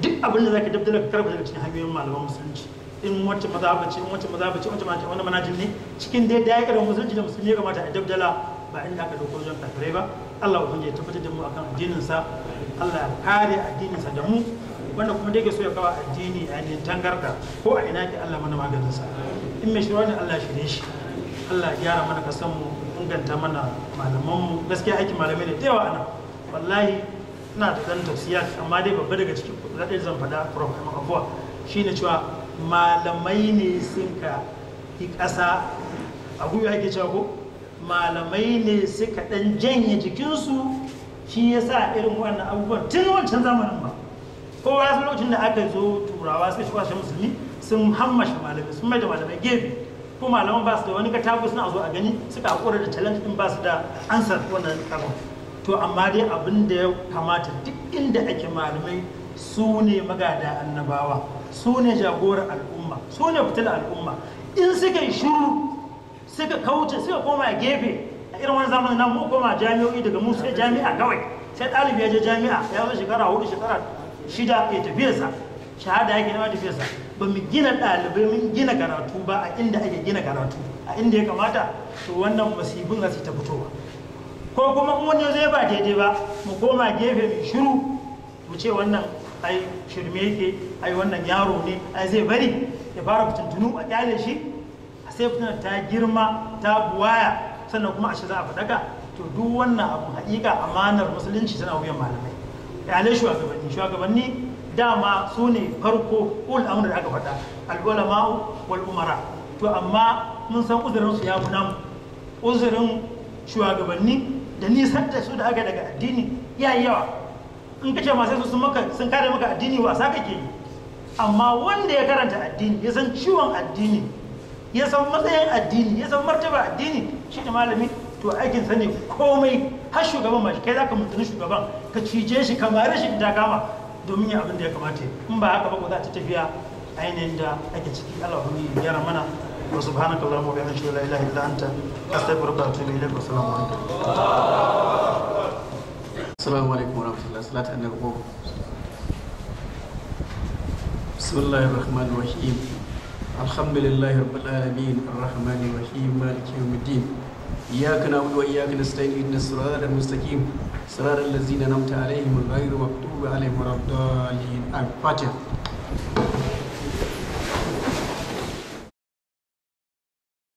Speaker 2: duk abin da zaka dabdala ka karba daga cikin hanyoyin malaman musulunci in wacce ba ce in wacce ba ce wacce mazhaba wani manajin ne cikin dai da ya musulunci da musulmi ya kamata a dabdala ba inda aka dauko wajen kafirai ba Allah ubangiji ya tabbatar da mu akan addinin sa Allah ya kare addinin sa da mu wanda kuma dai so ya kawo addini a ainihin tangarda ko a ina ke Allah mana maganin sa in mai shirwa ne Allah shirye shi Allah ya gyara mana kasan mu inganta mana malaman mu gaskiya aikin malamai ne da yawa ana wallahi ina da dan tafsiya amma dai babba daga cikin kudaden zan faɗa prof Ahmad Abuwa shine cewa malamai ne sun ka ƙasa abu ya ke cewa ko malamai ne suka dan janye jikinsu shi ya sa irin wannan abubuwan tun wancan zamanin ba kowa sun lokacin da aka zo turawa suka shiga shi musulmi sun hammashi malamai sun mai da malamai gefe ko malaman ba su da wani katako suna zo a gani suka hakura da talent din ba su da ansar wannan karon to amma dai abin da ya kamata duk inda ake malamai su ne magada annabawa su ne jagorar al'umma su ne fitar al'umma in suka yi shiru suka sai suka koma gefe a irin wani zamanin nan mu koma jami'o'i daga mu sai jami'a kawai sai ɗalibi ya je jami'a ya zo shekara hudu shekara shida ya tafiyarsa shahada yake nema tafiyarsa ba mu gina ɗalibai mun gina karatu ba a inda ake gina karatu a inda ya kamata to wannan masibin a ta fitowa ko kuma in wani zai ba daidai ba mu koma gefe mu shiru mu ce wannan ai shirme yake ai wannan yaro ne ai zai bari ya fara fitintunu a kyale shi sai ta girma ta buwaya sannan kuma ashe za a faɗaka to duk wannan abun haƙiƙa amanar musulunci tana wuyan malamai ɗalai shugabanni shugabanni dama su ne farko ul amur da aka faɗa al'ulama'u wal umara to amma mun san uzurin su ya namu uzurin shugabanni da nisan da su da aka daga addini ya yi yawa in kace ma sai maka sun kare maka addini wasa kake yi amma wanda ya karanta addini ya san ciwon addini ya san matsayin addini ya san martaba addini shi ne malami to aikin sa ne komai har shugaban ma kai zaka mutuni shugaban ka cije shi ka mare shi da kama domin ya abin da ya kamata in ba haka ba ko za ta tafiya ainihin da ake ciki Allah ya gyara mana wa subhanaka allahumma wa bihamdika la ilaha illa
Speaker 3: anta astaghfiruka wa atubu ilaik wa assalamu alaikum assalamu alaikum wa rahmatullahi salatu annabi بسم الله الرحمن الرحيم الحمد لله رب العالمين الرحمن الرحيم مالك يوم الدين إياك نعبد وإياك نستعين إن الصراط المستقيم صراط الذين أنعمت عليهم غير المغضوب عليهم ولا الضالين الفاتحة